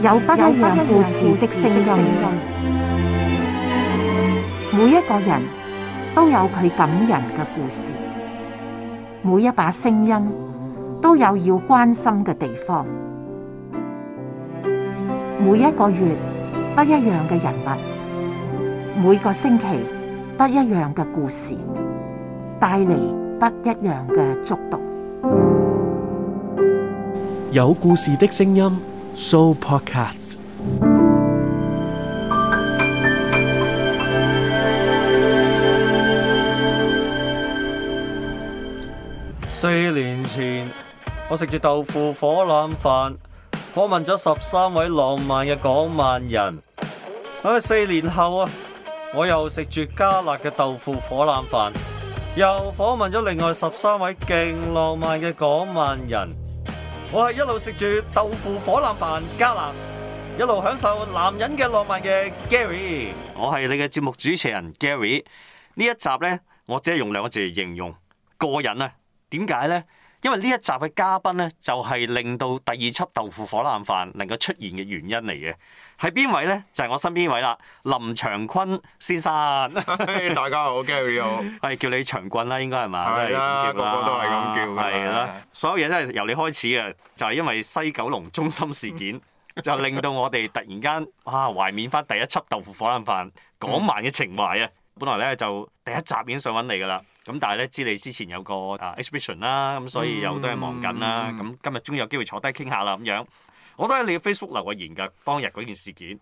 有不一樣故事的聲音，每一個人都有佢感人嘅故事，每一把聲音都有要關心嘅地方，每一個月不一樣嘅人物，每個星期不一樣嘅故事，帶嚟不一樣嘅觸動。有故事的聲音。So podcast。四年前，我食住豆腐火腩飯，訪問咗十三位浪漫嘅港萬人。唉、哎，四年後啊，我又食住加辣嘅豆腐火腩飯，又訪問咗另外十三位勁浪漫嘅港萬人。我係一路食住豆腐火腩飯加腩，一路享受男人嘅浪漫嘅 Gary。我係你嘅節目主持人 Gary。呢一集咧，我只係用兩個字來形容過癮啊！點解呢？因為呢一集嘅嘉賓咧，就係令到第二輯豆腐火腩飯能夠出現嘅原因嚟嘅。係邊位咧？就係、我身邊位啦，林長坤先生。 大家好，Gary 好。係叫你長棍該啦，應該係嘛？係啦，個個都係咁叫。係啦，所有嘢都係由你開始嘅，就係、是、因為西九龍中心事件， 就令到我哋突然間啊懷緬翻第一輯豆腐火腩飯港漫嘅情懷啊！ 本來咧就第一集已經想揾你噶啦。咁但係咧，知你之前有個、uh, exhibition, 啊 exhibition 啦，咁所以有好多嘢忙緊啦，咁今日終於有機會坐低傾下啦，咁樣。我都係你 Facebook 留個言㗎，當日嗰件事件。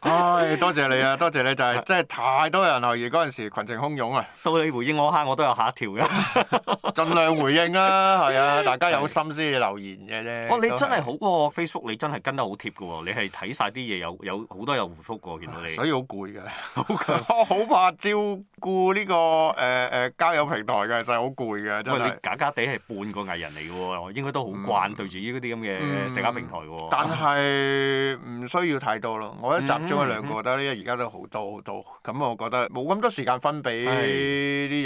唉、 哎，多謝你啊，多謝你就係、是，真係太多人留言嗰陣時，群情洶湧啊。到你回應嗰刻，我都有嚇一跳嘅。儘 量回應啦、啊，係啊，大家有心先至留言嘅啫。哇是、哦，你真係好喎、啊、是，Facebook 你真係跟得好貼嘅喎，你係睇晒啲嘢有有好多有回覆㗎喎，見到你。所以好攰嘅，好攰。 我好怕照顧呢、這個誒誒、呃呃、交友平台嘅，真係好攰嘅，真係。你假假地係半個藝人嚟嘅喎，我應該都好慣、嗯、對住呢啲咁嘅社交平台嘅喎。嗯嗯但係唔需要太多咯，我一集中一兩個覺得。呢而家都好多好多，咁我覺得冇咁多時間分俾呢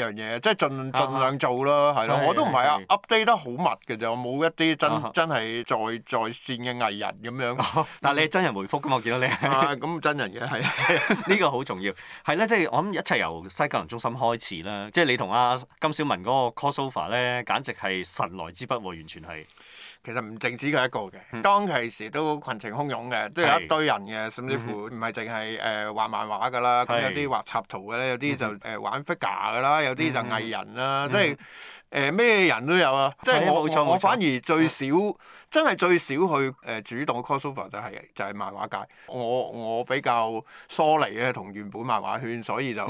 樣嘢，是即係盡盡量做咯，係咯的的。我都唔係啊，update 得好密嘅咋我冇一啲真的的真係在在線嘅藝人咁樣。哦、但係你係真人回覆㗎嘛？我見到你係。咁、 啊、真人嘅，係呢 個好重要。係啦，即係我諗一切由西九龍中心開始啦。即、就、係、是、你同阿金小文嗰個 crossover 咧，簡直係神來之筆喎，完全係。其實唔淨止佢一個嘅，嗯、當其時都群情洶湧嘅，都係一堆人嘅，是甚至乎唔係淨係誒畫漫畫噶啦，咁是有啲畫插圖嘅咧，有啲就誒、嗯呃、玩 figure 噶啦，有啲就藝人啦，嗯、即係是。嗯誒咩、呃、人都有啊！即係我冇錯我，我反而最少，嗯、真係最少去誒主動 c r o s s o v e r 就係、是、就係、是、漫畫界。我我比較疏離咧同原本漫畫圈，所以就佢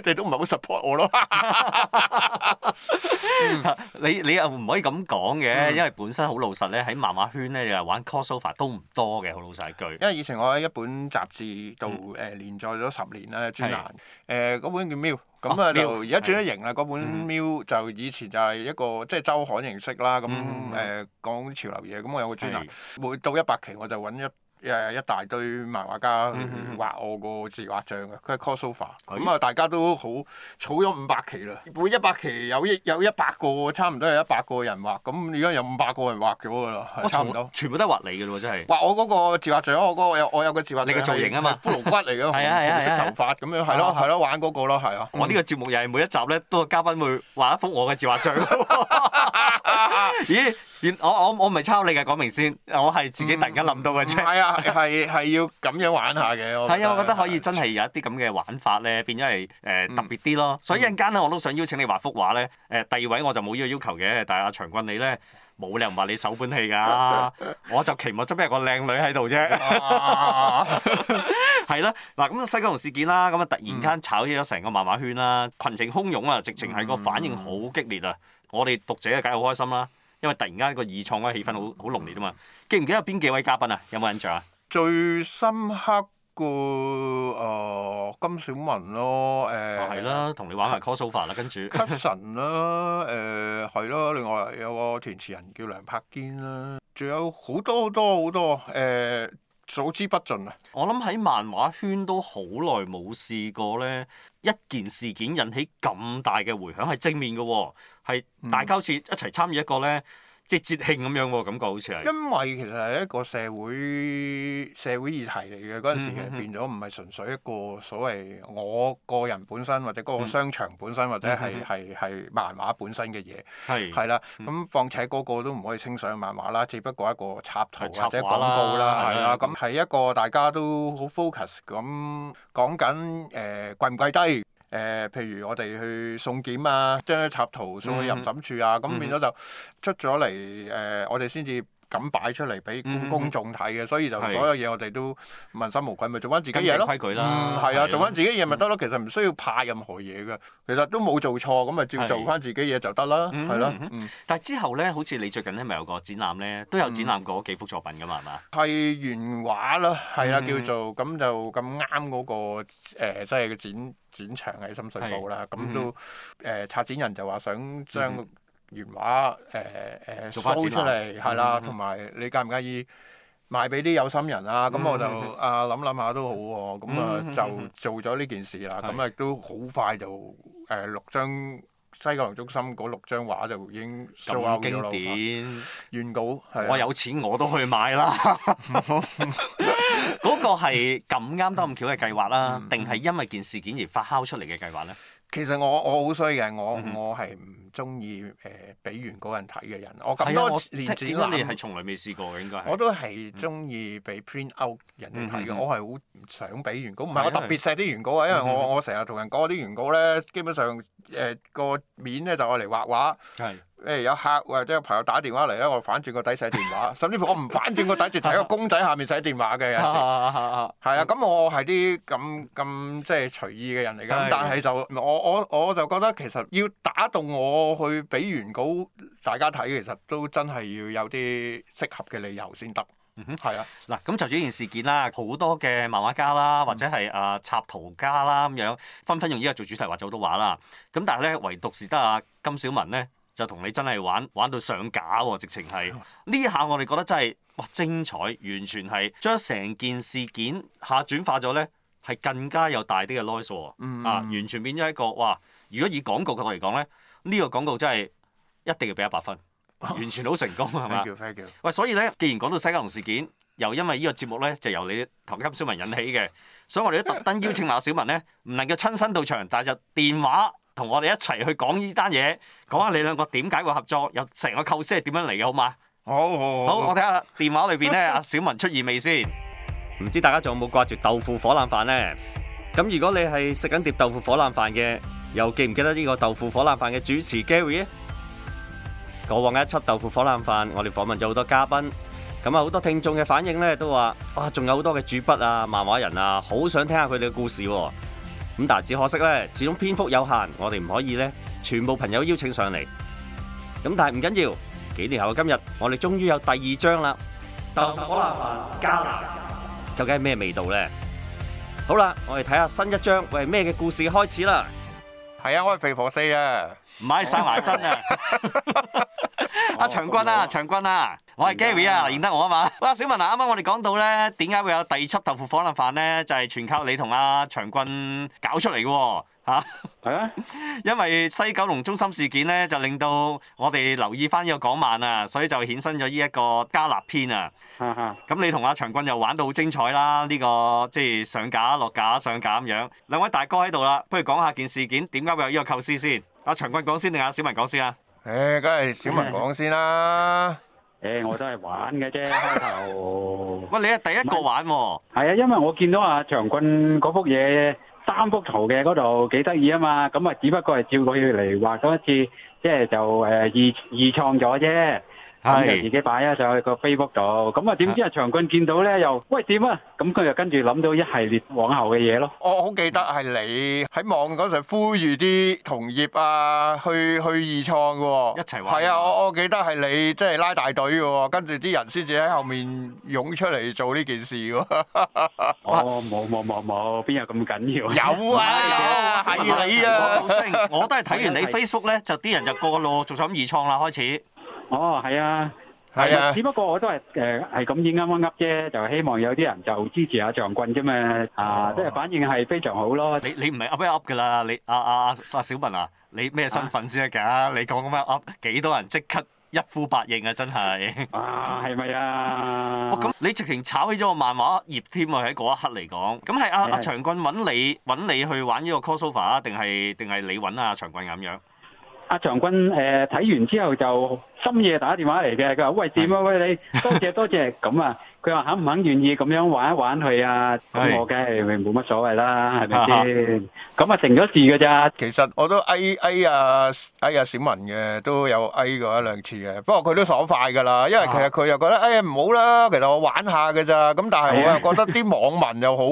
哋、嗯嗯、 都唔係好 support 我咯 你你又唔可以咁講嘅，嗯、因為本身好老實咧，喺漫畫圈咧又係玩 c r o s s o v e r 都唔多嘅，好老實一句。因為以前我喺一本雜誌度誒、呃、連載咗十年啦，專欄誒嗰的、呃、本叫《Milk》。咁、哦、啊你而家轉咗型啦，嗰的本 Miu 就以前就係一個即係、就是、周刊形式啦，咁誒講潮流嘢，咁我有個專欄，的每到一百期我就搵一。誒一大堆漫畫家畫我個自畫像嘅，佢係 Cossofa 咁啊！大家都好，儲咗五百期啦，每一百期有一有一百個，差唔多有一百個人畫。咁而家有五百個人畫咗嘅啦，差唔多。全部都係畫你嘅啫喎，真係。畫我嗰個自畫像，我嗰個有我有個自畫。你嘅造型啊嘛，骷髏骨嚟嘅，紅色頭髮咁樣。係咯係咯，玩嗰個咯，係啊。我呢個節目又係每一集咧，都有嘉賓會畫一幅我嘅自畫像。咦？我我我唔係抄你嘅，講明先。我係自己突然間諗到嘅啫、嗯。係、嗯、啊，係係要咁樣玩下嘅。係 啊，我覺得可以真係有一啲咁嘅玩法咧，變咗係誒特別啲咯。所以一陣間咧，我都想邀請你畫幅畫咧。誒、呃、第二位我就冇呢個要求嘅，但係阿長君你咧冇理由，唔話你首本戲㗎、啊。 我就期望側邊有個靚女喺度啫。係咯、 啊，嗱咁西九龍事件啦，咁啊突然間炒起咗成個漫畫圈啦、啊，群情洶湧啊，直情係個反應好激烈啊！嗯、我哋讀者梗係好開心啦、啊、～因為突然間個二創嘅個氣氛好好濃烈啊嘛，記唔記得有邊幾位嘉賓啊？有冇印象啊？最深刻個誒、呃、金小文咯，誒、呃。哦、啊，係啦，同你玩埋 cosplay 啦，跟住、so。Cousin 啦，誒係咯，另外有個填詞人叫梁柏堅啦，仲有好多好多好多誒，數之不盡。啊！我諗喺漫畫圈都好耐冇試過咧，一件事件引起咁大嘅迴響，係正面嘅喎、啊。係大家好似一齊參與一個咧節節慶咁樣喎，感覺好似係。因為其實係一個社會社會議題嚟嘅嗰陣時，其實變咗唔係純粹一個所謂我個人本身或者嗰個商場本身或者係係係漫畫本身嘅嘢係係啦。咁是況且嗰個都唔可以稱上漫畫啦，只不過一個插圖插或者廣告啦係啦。咁係一個大家都好 focus 咁講緊誒貴唔貴低。誒、呃，譬如我哋去送檢啊，將啲插圖送去入審處啊，咁、嗯、哼變咗就出咗嚟。誒、呃，我哋先至。咁擺出嚟俾公眾睇嘅，所以就所有嘢我哋都問心無愧，咪做翻自己嘢咯。規矩啦，係啊，做翻自己嘢咪得咯。其實唔需要怕任何嘢嘅，其實都冇做錯，咁咪照做翻自己嘢就得啦。係咯。但係之後咧，好似你最近咧，咪有個展覽咧，都有展覽過幾幅作品噶嘛，係嘛？係原畫啦，係啊，叫做咁就咁啱嗰個誒，即係個展展場喺深水埗啦。咁都誒策展人就話想將。原畫誒誒 show 出嚟係啦，同埋、嗯哼啊、你介唔介意賣俾啲有心人啊？咁、嗯、哼我就啊諗諗下都好喎、啊。咁啊就做咗呢件事啦。咁亦都好快就誒、呃、六張西九龍中心嗰六張畫就已經。經典。原稿。啊、我有錢我都去買啦。嗰個係咁啱得咁巧嘅計劃啦，定係因為件事件而發酵出嚟嘅計劃咧？其實我我好衰嘅，我我係唔～ 中意誒俾原稿人睇嘅人，我咁多年紙嗱，你係從來未試過嘅應該我、嗯。我都係中意俾 print out 人哋睇嘅，我係好想俾原稿。唔係我特別錫啲原稿啊，因為我我成日同人講啲原稿咧，基本上誒個、呃、面咧就係嚟畫畫。係。誒有客或者有朋友打電話嚟咧，我反轉個底寫電話，甚至乎我唔反轉個底就喺 個公仔下面寫電話嘅。有時係啊，係啊。咁我係啲咁咁即係隨意嘅人嚟嘅。但係就我我我就覺得其實要打動我。過去俾原稿大家睇，其實都真係要有啲適合嘅理由先得。嗯哼，係啊。嗱，咁就住呢件事件啦，好多嘅漫畫家啦，或者係啊、呃、插圖家啦咁樣，紛紛用依個做主題畫咗好多畫啦。咁但係咧，唯獨是得阿金小文咧，就同你真係玩玩到上架喎，啊，直情係呢下我哋覺得真係哇精彩，完全係將成件事件下轉化咗咧，係更加有大啲嘅 noise 啊，嗯嗯。完全變咗一個哇！如果以廣告角度嚟講咧。呢個廣告真係一定要俾一百分，完全好成功，係嘛？飛叫飛叫！喂，所以咧，既然講到西九龍事件，又因為呢個節目咧，就由你同阿小文引起嘅，所以我哋都特登邀請埋阿小文咧，唔能夠親身到場，但係就電話同我哋一齊去講呢單嘢，講下你兩個點解會合作，又成個構思係點樣嚟嘅，好嘛？好，好，好。好，我睇下電話裏邊咧，阿小文出現未先？唔知大家仲有冇掛住豆腐火腩飯咧？咁如果你係食緊碟豆腐火腩飯嘅。又記唔記得呢個豆腐火腩飯嘅主持 Gary 咧？過往一輯豆腐火腩飯，我哋訪問咗好多嘉賓，咁啊好多聽眾嘅反應咧都話，哇，仲有好多嘅主筆啊、漫畫人啊，好想聽下佢哋嘅故事啊。咁但係只可惜咧，始終篇幅有限，我哋唔可以咧全部朋友邀請上嚟。咁但係唔緊要，幾年後嘅今日，我哋終於有第二章啦。豆腐火腩飯加辣，究竟係咩味道咧？好啦，我哋睇下新一章，喂係咩嘅故事開始啦？係啊，我係肥婆四啊，唔係生埋真啊！阿長軍啊，長軍啊，我係 Gary 啊，在認得我啊嘛？哇， 小文啊，啱啱我哋講到咧，點解會有第二輯豆腐火腩飯咧？就係、是、全靠你同阿長軍搞出嚟嘅、啊。吓係啊！因為西九龍中心事件咧，就令到我哋留意翻呢個港漫啊，所以就衍生咗呢一個加納篇啊。咁你同阿長俊又玩到好精彩啦！呢個即係上架落架上架咁樣。兩位大哥喺度啦，不如講下件事件點解會有呢個構思先。阿長俊講先定阿小文講先啊？誒，梗係小文講先啦。誒，我都係玩嘅啫，開頭。喂，你係第一個玩喎。係啊，因為我見到阿長俊嗰幅嘢。三幅圖嘅嗰度幾得意啊嘛，咁啊只不過係照佢嚟畫咗一次，即係就誒、是呃，二二創咗啫。係自己擺啊，就喺個 Facebook 度。咁啊，點知啊，長俊見到咧，又喂，點啊？咁佢又跟住諗到一系列往後嘅嘢咯。我好記得係你喺網嗰時呼籲啲同業啊，去去二創嘅，一齊玩。係啊，我我記得係你即係拉大隊嘅，跟住啲人先至喺後面湧出嚟做呢件事。哦，冇冇冇冇，邊有咁緊要？有啊，有係你啊！我都係睇完你 Facebook 咧，就啲人就過路，就咁二創啦，開始。哦，係啊，係啊，只不過我都係誒係咁樣啱啱。啫，就希望有啲人就支持阿長棍啫嘛，啊，即係反應係非常好咯。你你唔係噏一噏㗎啦，你阿阿阿小文啊，你咩身份先得㗎？你講咁樣噏，幾多人即刻一呼百應啊？真係啊，係咪啊？咁你直情炒起咗個漫畫業添啊！喺嗰一刻嚟講，咁係阿阿長棍揾你揾你去玩呢個 coser 啊，定係定係你揾阿長棍咁樣？阿長君誒睇、呃、完之後就深夜打電話嚟嘅，佢話：喂點啊？喂，你多謝多謝咁啊！佢話肯唔肯願意咁樣玩一玩佢啊？咁我梗係冇乜所謂啦，係咪先？咁啊咪成咗事噶咋？其實我都哀哀啊哀啊小文嘅，都有哀過一兩次嘅。不過佢都爽快噶啦，因為其實佢又覺得誒唔好啦，其實我玩下噶咋。咁但係我又覺得啲網民又好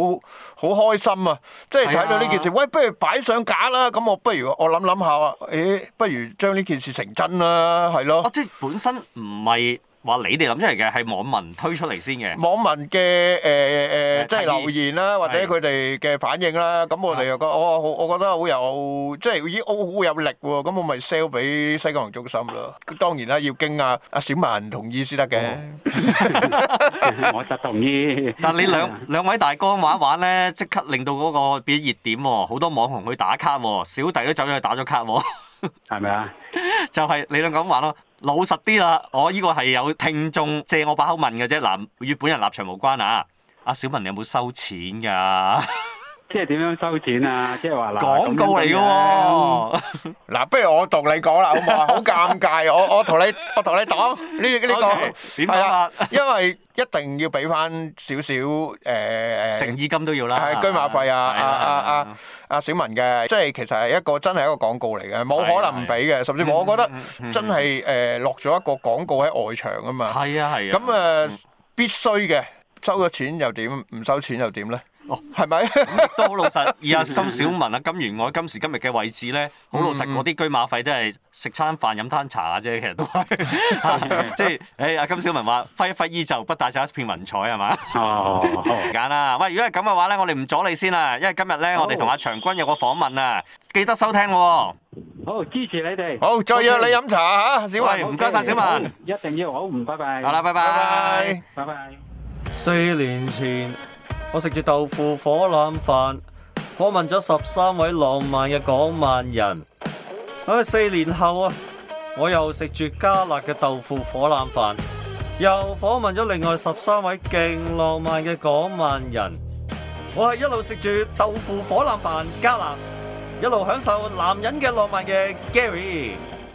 好 開心啊，即係睇到呢件事，喂，不如擺上架啦。咁我不如我諗諗下啊，誒、欸、不如將呢件事成真啦，啊，係咯。啊，即係本身唔係。話你哋諗出嚟嘅係網民推出嚟先嘅，網民嘅誒誒，即、呃、係、呃就是、留言啦，或者佢哋嘅反應啦，咁的我哋又覺得哦，好，我覺得好有，即係咦好有力喎，咁我咪 sell 俾西九龍中心咯。當然啦，要經阿阿小曼同意先得嘅。嗯、 我得同意。但你兩的兩位大哥玩一玩咧，即刻令到嗰個變熱點喎、哦，好多網紅去打卡喎、哦，小弟都走咗去打咗卡喎、哦，係咪啊？就係你兩咁玩咯、哦。老實啲啦，我呢個係有聽眾借我把口問嘅啫，嗱，與本人立場無關啊！阿小文，你有冇收錢㗎？ 即係點樣收錢啊？即係話廣告嚟㗎喎。嗱、啊啊，不如我同你講啦，好唔好啊？好尷尬，我我同你我同你講呢呢個點講、okay，啊啊、因為一定要俾翻少少誒，誠、嗯、意金都要啦，係、啊、車馬費啊啊啊啊小文嘅，即係其實係一個真係一個廣告嚟嘅，冇可能唔俾嘅。甚至我我覺得真係誒落咗一個廣告喺外牆啊嘛。係啊係啊。咁啊、嗯嗯嗯嗯、必須嘅，收咗錢又點？唔收錢又點咧？哦，係咪都好老實？而阿金小文啊、金元我今時今日嘅位置咧，好老實，嗰啲車馬費都係食餐飯飲餐茶啫，其實都係，即係誒。阿金小文話：揮揮衣袖，不帶走一片雲彩，係嘛？哦，好，時間啦，喂，如果係咁嘅話咧，我哋唔阻你先啦，因為今日咧，我哋同阿長軍有個訪問啊，記得收聽喎。好，支持你哋。好，再約你飲茶嚇，小文。喂，唔該曬，小文。一定要好，唔，拜拜。好啦，拜拜，拜拜。四年前。我食住豆腐火腩飯，訪問咗十三位浪漫嘅港萬人。喺四年後啊，我又食住加辣嘅豆腐火腩飯，又訪問咗另外十三位勁浪漫嘅港萬人。我係一路食住豆腐火腩飯加辣，一路享受男人嘅浪漫嘅 Gary。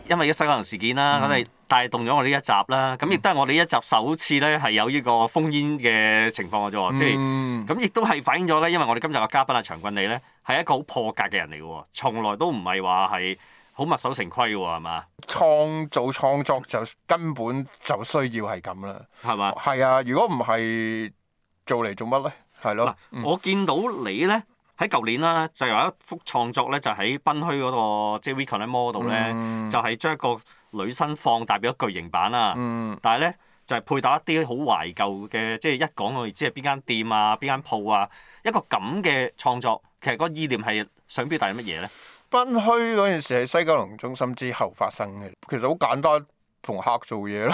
因為一生可能事件啦，我哋、嗯。帶動咗我哋呢一集啦，咁亦都係我哋呢一集首次咧係有呢個烽煙嘅情況嘅啫、嗯、即係咁亦都係反映咗咧。因為我哋今日嘅嘉賓啊，長俊你咧係一個好破格嘅人嚟嘅喎，從來都唔係話係好墨守成規嘅喎，係嘛？創造創作就根本就需要係咁啦，係嘛吧？係啊，如果唔係做嚟做乜咧？係咯、啊。我見到你咧喺舊年啦，就有一幅創作咧、那個，嗯、就喺賓墟嗰個即係 w i c o n 的 Model 咧，就係將一個。女生放大俾咗巨型版啊，但係咧就係、是、配搭一啲好懷舊嘅，即係一講我哋知係邊間店啊，邊間鋪啊，一個咁嘅創作，其實嗰個意念係想表達啲乜嘢咧？崩墟嗰陣時係西九龍中心之後發生嘅，其實好簡單。同客做嘢咯，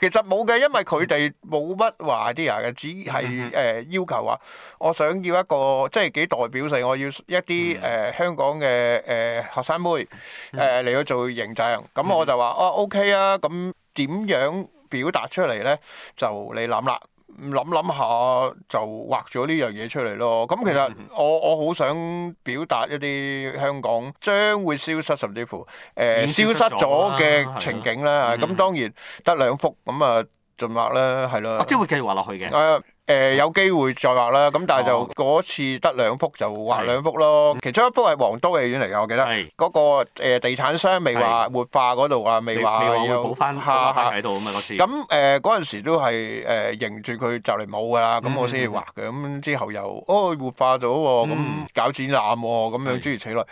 其實冇嘅，因為佢哋冇乜話 idea 嘅，只係誒、呃、要求話，我想要一個即係幾代表性，我要一啲誒、呃、香港嘅誒、呃、學生妹誒嚟去做形象，咁 我就話哦、啊、OK 啊，咁點樣表達出嚟咧就你諗啦。唔諗，諗下就畫咗呢樣嘢出嚟咯。咁其實我我好想表達一啲香港將會消失甚至乎誒、呃、消失咗嘅情景咧。咁、嗯嗯、當然得兩幅咁啊，盡畫啦，係咯。即係會繼續畫落去嘅。呃誒、呃、有機會再畫啦，咁但係就嗰次得兩幅就畫兩幅咯。的其中一幅係黃都戲院嚟㗎，我記得嗰的、那個、呃、地產商未話活化嗰度啊，未話要補翻喺度啊嘛嗰次。咁誒嗰陣時都係誒認住佢就嚟冇㗎啦，咁、呃嗯、我先至畫嘅。咁之後又哦活化咗喎，咁、嗯嗯、搞展覽喎，咁樣諸如此類。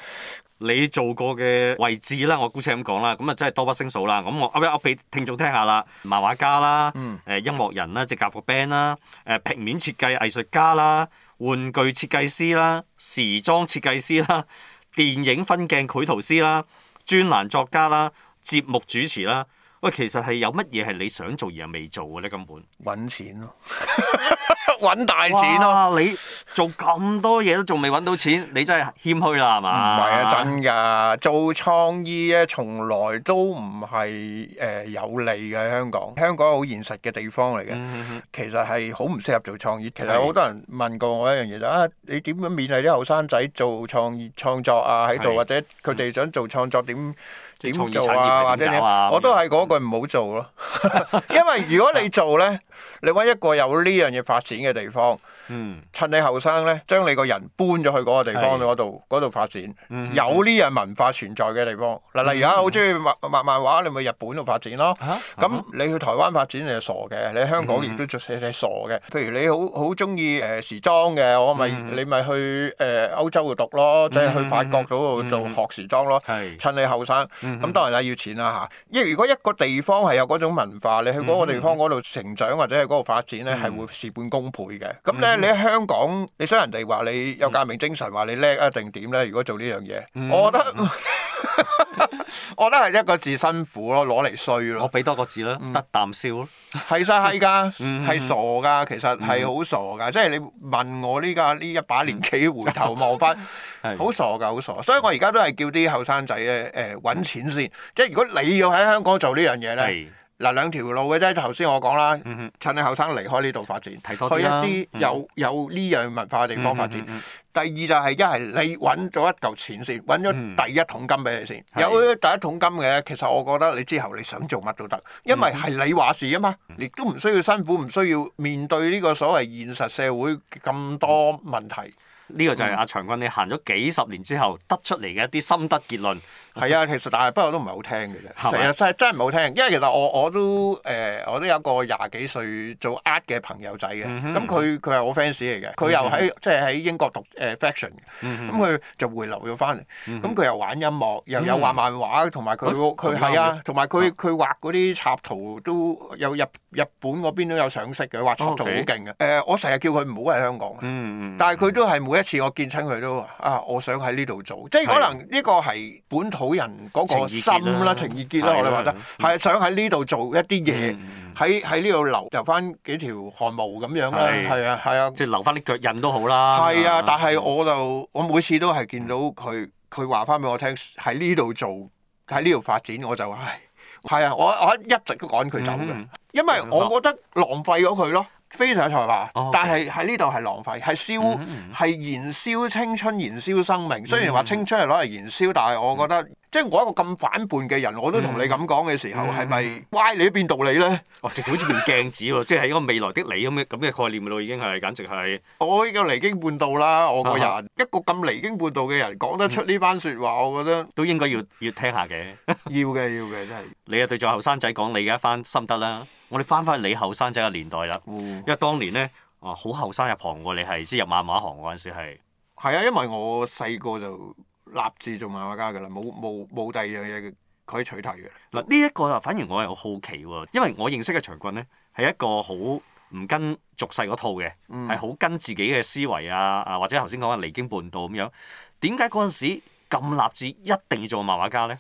你做過嘅位置啦，我姑且咁講啦，咁啊真係多不勝數啦。咁我噏一噏俾聽眾聽下啦。漫畫家啦，誒、嗯、音樂人啦，隻夾個 band 啦，誒平面設計藝術家啦，玩具設計師啦，時裝設計師啦，電影分鏡繪圖師啦，專欄作家啦，節目主持啦。喂，其實係有乜嘢係你想做而未做嘅咧？根本揾錢咯。 搵 大錢咯、啊！你做咁多嘢都仲未揾到錢，你真係謙虛啦，係嘛？唔係啊，真㗎！做創意咧，從來都唔係誒有利嘅香港。香港好現實嘅地方嚟嘅，其實係好唔適合做創意。其實好多人問過我一樣嘢就啊，你點樣勉勵啲後生仔做創意創作啊？喺度是或者佢哋想做創作點？點做啊？或者點？ 我都係嗰句唔好做咯，啊， 因為如果你做咧，你揾一個有呢樣嘢發展嘅地方。趁你後生呢，將你個人搬咗去嗰個地方嗰度嗰度發展，有呢樣文化存在嘅地方。嗱，例如啊，好中意漫漫漫畫，你咪日本度發展咯。咁你去台灣發展你就傻嘅，你喺香港亦都做寫寫傻嘅。譬如你好好中意誒時裝嘅，我咪你咪去誒歐洲度讀咯，即係去法國嗰度做學時裝咯。趁你後生，咁當然啦，要錢啦吓，因為如果一個地方係有嗰種文化，你去嗰個地方嗰度成長或者係嗰度發展呢，係會事半功倍嘅。咁咧。嗯、你喺香港，你想人哋話你有革命精神，話、嗯、你叻啊，定點咧？如果做呢樣嘢，嗯、我覺得、嗯、 我覺得係一個字辛苦咯，攞嚟衰咯。我俾多個字啦，嗯、得啖笑咯。係晒，係㗎，係傻㗎。其實係好傻㗎。嗯、即係你問我呢家呢一把年紀，回頭望翻，好傻㗎，好傻。所以我而家都係叫啲後生仔咧，誒揾錢先。即係如果你要喺香港做呢樣嘢咧。嗱，兩條路嘅啫，頭先我講啦，趁你後生離開呢度發展，一去一啲有、嗯、有呢樣文化嘅地方發展。嗯嗯嗯、第二就係、是、一係你揾咗一嚿錢先，揾咗第一桶金俾你先，嗯、有第一桶金嘅。其實我覺得你之後你想做乜都得，因為係你話事啊嘛，嗯、你都唔需要辛苦，唔需要面對呢個所謂現實社會咁多問題。呢、嗯嗯、個就係阿長君你行咗幾十年之後得出嚟嘅一啲心得結論。係 啊，其實但係不過都唔係好聽嘅啫，成日真係真係唔係好聽。因為其實我我都誒、呃，我都有一個廿幾歲做 art 嘅朋友仔嘅。咁佢佢係我 fans 嚟嘅，佢又喺、嗯、哼即係喺英國讀誒、呃、fashion 咁佢就回流咗翻嚟。咁佢、嗯哼嗯、又玩音樂，又有畫漫畫，同埋佢佢係啊，有有同埋佢佢畫嗰啲插圖都有日日本嗰邊都有賞識嘅，畫插圖好勁嘅。誒、嗯哼啊，我成日叫佢唔好喺香港。嗯、哼但係佢都係每一次我見親佢都話啊，我想喺呢度做。即係可能呢個係本土。好人嗰個心啦，情意結啦，我哋話得係想喺呢度做一啲嘢，喺喺呢度留留翻幾條汗毛咁樣啦。係、嗯、啊，係啊，即係留翻啲腳印都好啦。係啊，啊啊但係我就、嗯、我每次都係見到佢，佢話翻俾我聽喺呢度做，喺呢度發展，我就話唉，係啊，我我一直都趕佢走嘅，嗯、因為我覺得浪費咗佢咯。非常有才華，但係喺呢度係浪費，係燒，係、嗯嗯、燃燒青春，燃燒生命。雖然話青春係攞嚟燃燒，但係我覺得，嗯、即係我一個咁反叛嘅人，我都同你咁講嘅時候，係咪歪你變道理咧？哇、哦，直好似好似面鏡子喎， 即係一個未來的你咁嘅咁嘅概念咯，已經係簡直係。我已經離經叛道啦，我個人一個咁離經叛道嘅人，講得出呢番說話，我覺得都應該要要聽下嘅 要嘅，要嘅，真係。你又對住後生仔講你嘅一番心得啦。我哋翻返你後生仔嘅年代啦，因為當年咧啊，好後生入行喎，你係即入漫畫行嗰陣時係。係啊，因為我細、嗯、個就立志做漫畫家噶啦，冇冇冇第二樣嘢佢取締嘅。嗱，呢一個啊，反而我又有好奇喎，因為我認識嘅長棍咧係一個好唔跟俗世嗰套嘅，係好、嗯、跟自己嘅思維啊啊，或者頭先講嘅離經叛道咁樣。點解嗰陣時咁立志一定要做漫畫家咧？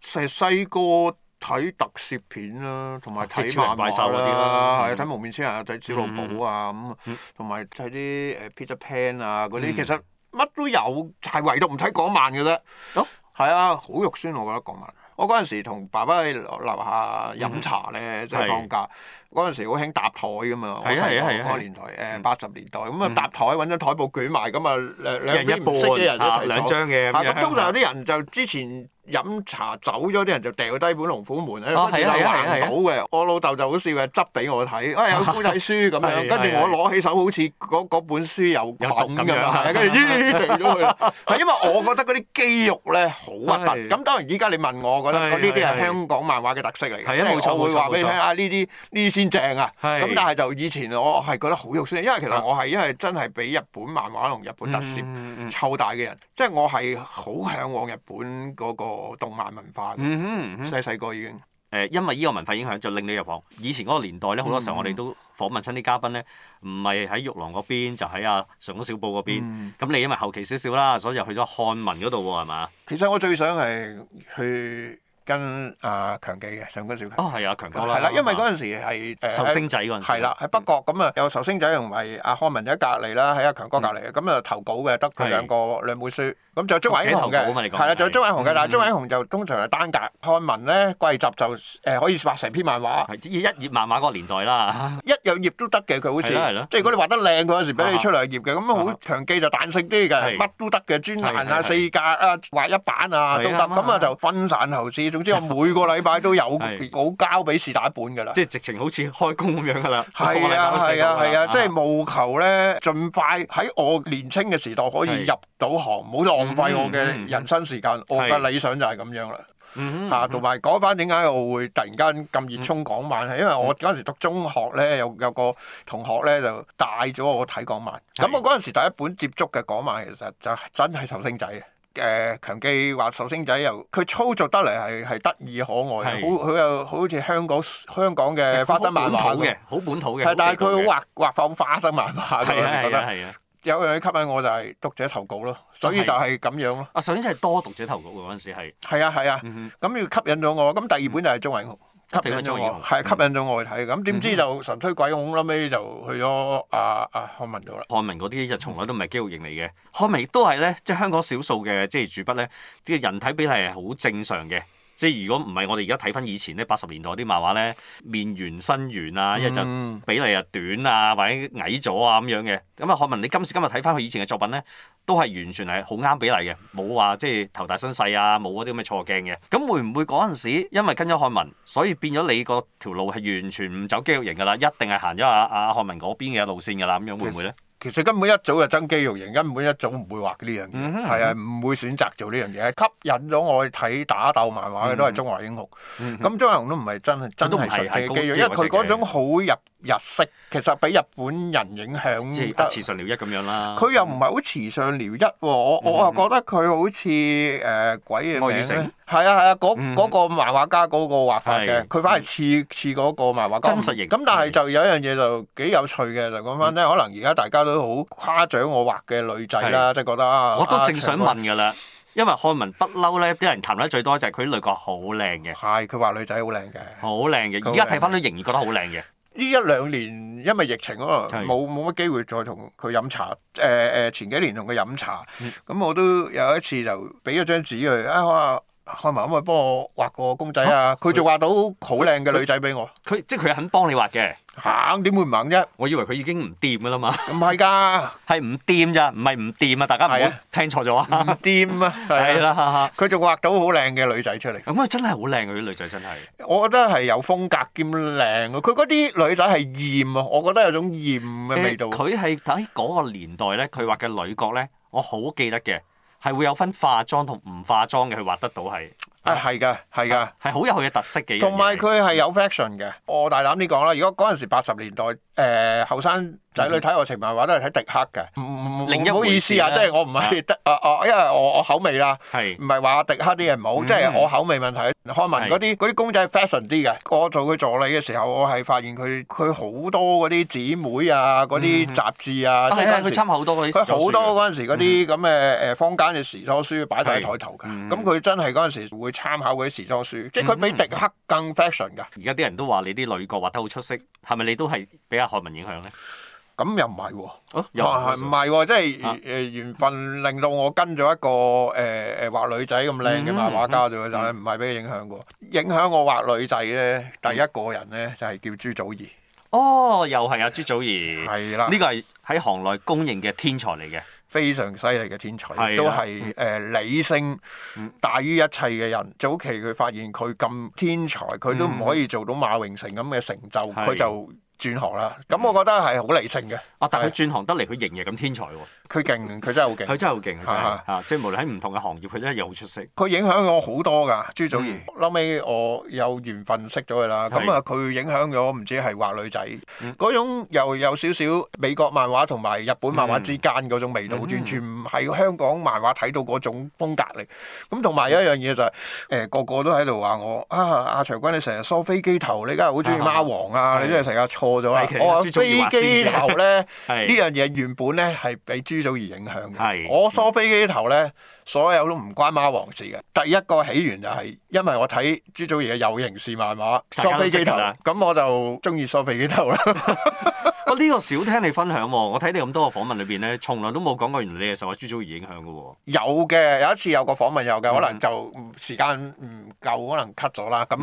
成細個。睇特攝片啦，同埋睇嗰啲啦，係睇蒙面超人啊，睇、啊嗯、小老保啊咁，同埋睇啲誒 Peter Pan 啊嗰啲，嗯、其實乜都有，係唯獨唔睇港漫嘅啫。哦，係啊，好肉酸，我覺得港漫。我嗰陣時同爸爸去樓下飲茶咧，即係、嗯、放假。嗰陣時好興搭台㗎嘛，我哋嗰個年代誒八十年代咁啊搭台揾張台布捲埋咁啊兩兩邊唔識嘅人一齊坐，兩張嘅通常有啲人就之前飲茶走咗，啲人就掉低本龍虎門喺嗰陣就玩到嘅。我老豆就好笑嘅，執俾我睇，啊有公仔書咁樣，跟住我攞起手好似嗰本書有有咁嘅跟住依依掉咗佢因為我覺得嗰啲肌肉咧好核突。咁當然依家你問我，我覺得呢啲係香港漫畫嘅特色嚟嘅，即係我會話俾你聽啊呢啲呢啲。正啊！咁是但係就以前我係覺得好肉酸，因為其實我係、嗯、因為真係俾日本漫畫同日本特攝湊、嗯嗯、大嘅人，即、就、係、是、我係好向往日本嗰個動漫文化。細細個已經誒，因為呢個文化影響就令你入行。以前嗰個年代咧，好多時候我哋都訪問親啲嘉賓咧，唔係喺玉郎嗰邊，就喺阿常小布嗰邊。咁、嗯、你因為後期少少啦，所以就去咗漢民嗰度喎，係嘛？其實我最想係去。跟阿強記嘅上官小強。哦，係啊，強哥啦。係啦，因為嗰陣時係誒。壽星仔嗰陣時。係啦，喺北角咁啊，有壽星仔同埋阿漢文喺隔離啦，喺阿強哥隔離嘅，咁啊投稿嘅得佢兩個兩本書，咁仲有張偉雄嘅。投稿啊嘛，你講。係啦，就張偉雄嘅，但係張偉雄就通常係單格，漢文咧貴集就誒可以畫成篇漫畫。係只一頁漫畫嗰個年代啦。一兩頁都得嘅，佢好似。即係如果你畫得靚，佢有時俾你出兩頁嘅，咁啊好強記就彈性啲嘅，乜都得嘅，專欄啊、四格啊、畫一版啊都得，咁啊就分散投資。總之我每個禮拜都有稿交俾是但一本㗎啦，即係直情好似開工咁樣㗎啦。係啊係啊係啊，即係務求咧，盡快喺我年青嘅時代可以入到行，唔好浪費我嘅人生時間。我嘅理想就係咁樣啦。嚇，同埋講翻點解我會突然間咁熱衷港漫咧？因為我嗰陣時讀中學咧，有有個同學咧就帶咗我睇港漫。咁我嗰陣時第一本接觸嘅港漫其實就真係《壽星仔》。誒、呃、強記畫壽星仔又佢操作得嚟係係得意可愛，是好有，好佢又好似香港香港嘅花生漫畫好本土嘅，係但係佢畫畫，畫畫翻花生漫畫咁樣咁樣。有樣嘢吸引我就係讀者投稿咯，所以就係咁樣咯、就是。啊，首先係多讀者投稿嗰陣時係。係啊係啊，咁要吸引咗我，咁第二本就係中華英雄。嗯吸引咗外，係 吸引咗外體，咁點知就神推鬼恐，後尾就去咗阿阿漢文度啦。漢文嗰啲就從來都唔係肌肉型嚟嘅，漢文亦都係咧，即係香港少數嘅即係鉛筆咧，即係人體比例係好正常嘅。即係如果唔係我哋而家睇翻以前咧，八十年代啲漫畫咧，面圓身圓啊，一陣比例啊短啊，或者矮咗啊咁樣嘅。咁啊，漢文，你今時今日睇翻佢以前嘅作品咧，都係完全係好啱比例嘅，冇話即係頭大身細啊，冇嗰啲咁嘅錯鏡嘅。咁會唔會嗰陣時因為跟咗漢文，所以變咗你個條路係完全唔走肌肉型㗎啦，一定係行咗阿阿漢文嗰邊嘅路線㗎啦？咁樣會唔會咧？其實根本一早就真肌肉型，根本一早唔會畫呢樣嘢，係啊唔會選擇做呢樣嘢，吸引咗我去睇打鬥漫畫嘅都係《中華英雄》mm。咁、hmm。《中華英雄》都唔係真係真係純正嘅肌肉，肌肉因為佢嗰種好入。日式其實俾日本人影響，似得似上聊一咁樣啦。佢又唔係好似上聊一喎，我我啊覺得佢好似誒鬼嘢名係啊係啊，嗰個漫畫家嗰個畫法嘅，佢反而似似嗰個漫畫家真實型。咁但係就有一樣嘢就幾有趣嘅，就講翻咧，可能而家大家都好誇獎我畫嘅女仔啦，即係覺得我都正想問㗎喇，因為漢文不嬲呢，啲人談得最多就係佢啲女角好靚嘅，係佢話女仔好靚嘅，好靚嘅，而家睇翻都仍然覺得好靚嘅。呢一兩年因為疫情嗰個冇冇乜機會再同佢飲茶，誒、呃、誒前幾年同佢飲茶，咁是的 我都有一次就俾咗張紙佢，哎、啊。開埋咁去幫我畫個公仔啊！佢仲、啊、畫到好靚嘅女仔俾我。佢即係佢肯幫你畫嘅。肯點會唔肯啫？我以為佢已經唔掂㗎啦嘛、嗯。唔係㗎。係唔掂咋？唔係唔掂啊！大家唔好聽錯咗啊，啊！唔掂啊！係啦。佢仲 畫到好靚嘅女仔出嚟、嗯。咁、嗯、啊、嗯，真係好靚啊！啲女仔真係。我覺得係有風格兼靚啊！佢嗰啲女仔係艷啊！我覺得有種艷嘅味道。佢係喺嗰個年代咧，佢畫嘅女角咧，我好記得嘅。係會有分化妝同唔化妝嘅，佢畫得到係啊，係㗎，係㗎，係好、啊、有佢嘅特色嘅。同埋佢係有 fashion 嘅。我大膽啲講啦，如果嗰陣時八十年代誒後生呃仔女睇愛情漫畫都係睇迪克嘅，另一，唔好意思啊，即係我唔係得啊啊，因為我我口味啊，係唔係話迪克啲嘢唔好，即係我口味問題。漢文嗰啲啲公仔 fashion 啲嘅，我做佢助理嘅時候，我係發現佢佢好多嗰啲姊妹啊，嗰啲雜誌啊，係係佢參考好多嗰啲，佢好多嗰陣時啲咁嘅誒坊間嘅時裝書擺晒喺台頭噶，咁佢真係嗰陣時會參考嗰啲時裝書，即係佢比迪克更 fashion 噶。而家啲人都話你啲女角畫得好出色，係咪你都係俾阿漢文影響咧？咁又唔係喎，哦啊、又係唔係喎？啊、即係誒緣分令到我跟咗一個誒誒、呃、畫女仔咁靚嘅漫畫家啫喎，就係唔係俾佢影響過？影響我畫女仔咧，嗯、第一個人咧就係、是、叫朱祖兒。哦，又係阿、啊、朱祖兒，係啦的，呢個係喺行內公認嘅天才嚟嘅，非常犀利嘅天才，的都係誒、呃、理性、嗯、大於一切嘅人。早期佢發現佢咁天才，佢都唔可以做到馬榮成咁嘅成就，佢就，轉行啦，咁我覺得係好理性嘅。啊，但係轉行得嚟，佢仍然咁天才喎。佢勁，佢真係好勁。佢真係好勁，真係即係無論喺唔同嘅行業，佢都係好出色。佢影響咗我好多㗎，朱祖兒。後尾我有緣分識咗佢啦。咁啊，佢影響咗唔知係畫女仔嗰種又有少少美國漫畫同埋日本漫畫之間嗰種味道，完全唔係香港漫畫睇到嗰種風格嚟。咁同埋有一樣嘢就係，誒個個都喺度話我啊，阿徐君你成日梳飛機頭，你梗係好中意貓王啊，你真係成日錯。過咗啦！我飛機頭咧，呢樣嘢原本咧係俾朱祖兒影響嘅。的我梳飛機頭咧，所有都唔關貓王事嘅。第一個起源就係因為我睇朱祖兒嘅有型事漫畫梳飛機頭，咁我就中意梳飛機頭啦。 我呢個少聽你分享喎，我睇你咁多個訪問裏邊呢，從來都冇講過原來你係受阿朱祖兒影響嘅喎。有嘅，有一次有個訪問有嘅，可能就時間唔夠，可能 cut 咗啦。咁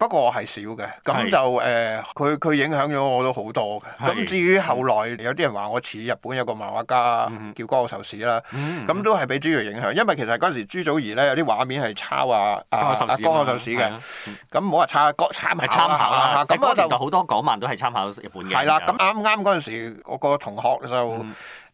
不過我係少嘅。咁就誒，佢佢影響咗我都好多嘅。咁至於後來有啲人話我似日本有個漫畫家叫江戶秀史啦，咁都係俾朱祖兒影響。因為其實嗰陣時朱祖兒呢，有啲畫面係抄啊，江戶秀史嘅。咁冇話抄，抄係參考啦。咁嗰年代好多港漫都係參考日本嘅。係啦，咁啱啱。咁嗰陣時，我個同學就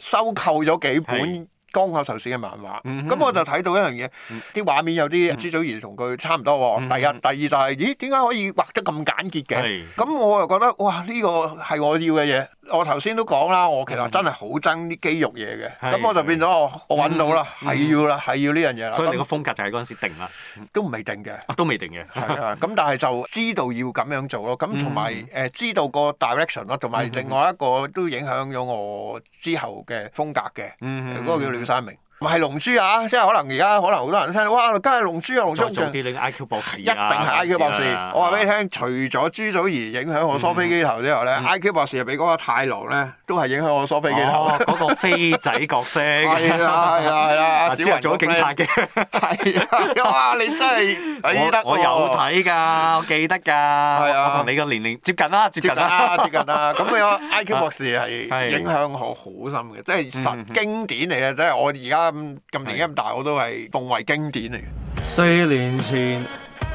收購咗幾本《江口壽司》嘅漫畫，咁、嗯、哼我就睇到一樣嘢，啲、嗯、畫面有啲朱祖賢同佢差唔多喎。第一、嗯、哼第二就係、是，咦？點解可以畫得咁簡潔嘅？咁、嗯、哼我又覺得，哇！呢、這個係我要嘅嘢。我頭先都講啦，我其實真係好憎啲肌肉嘢嘅，咁的我就變咗我的我揾到啦，係要啦，係要呢樣嘢啦。所以你個風格就係嗰陣時定啦？啊，都唔未定嘅，都未定嘅，係啊，咁但係就知道要咁樣做咯，咁同埋誒知道個 direction 咯，同埋另外一個都影響咗我之後嘅風格嘅，嗰個、嗯嗯呃、叫廖山明。唔係龍珠啊！即係可能而家可能好多人聽，哇！梗係龍珠啊！龍珠一定係 IQ 博士。一定係 IQ 博士！我話俾你聽，除咗朱祖儀影響我梳飛機頭之後咧，IQ 博士啊，俾嗰個太郎咧，都係影響我梳飛機頭。嗰個飛仔角色。係啊，係啊，小啦，做咗警察嘅。係啊！哇！你真係我我有睇㗎，我記得㗎。係啊！我同你嘅年齡接近啦，接近啦，接近啦。咁啊，IQ 博士係影響好好深嘅，即係神經典嚟嘅，即係我而家。咁咁年嘅咁大，我都係奉為經典嚟嘅。四年前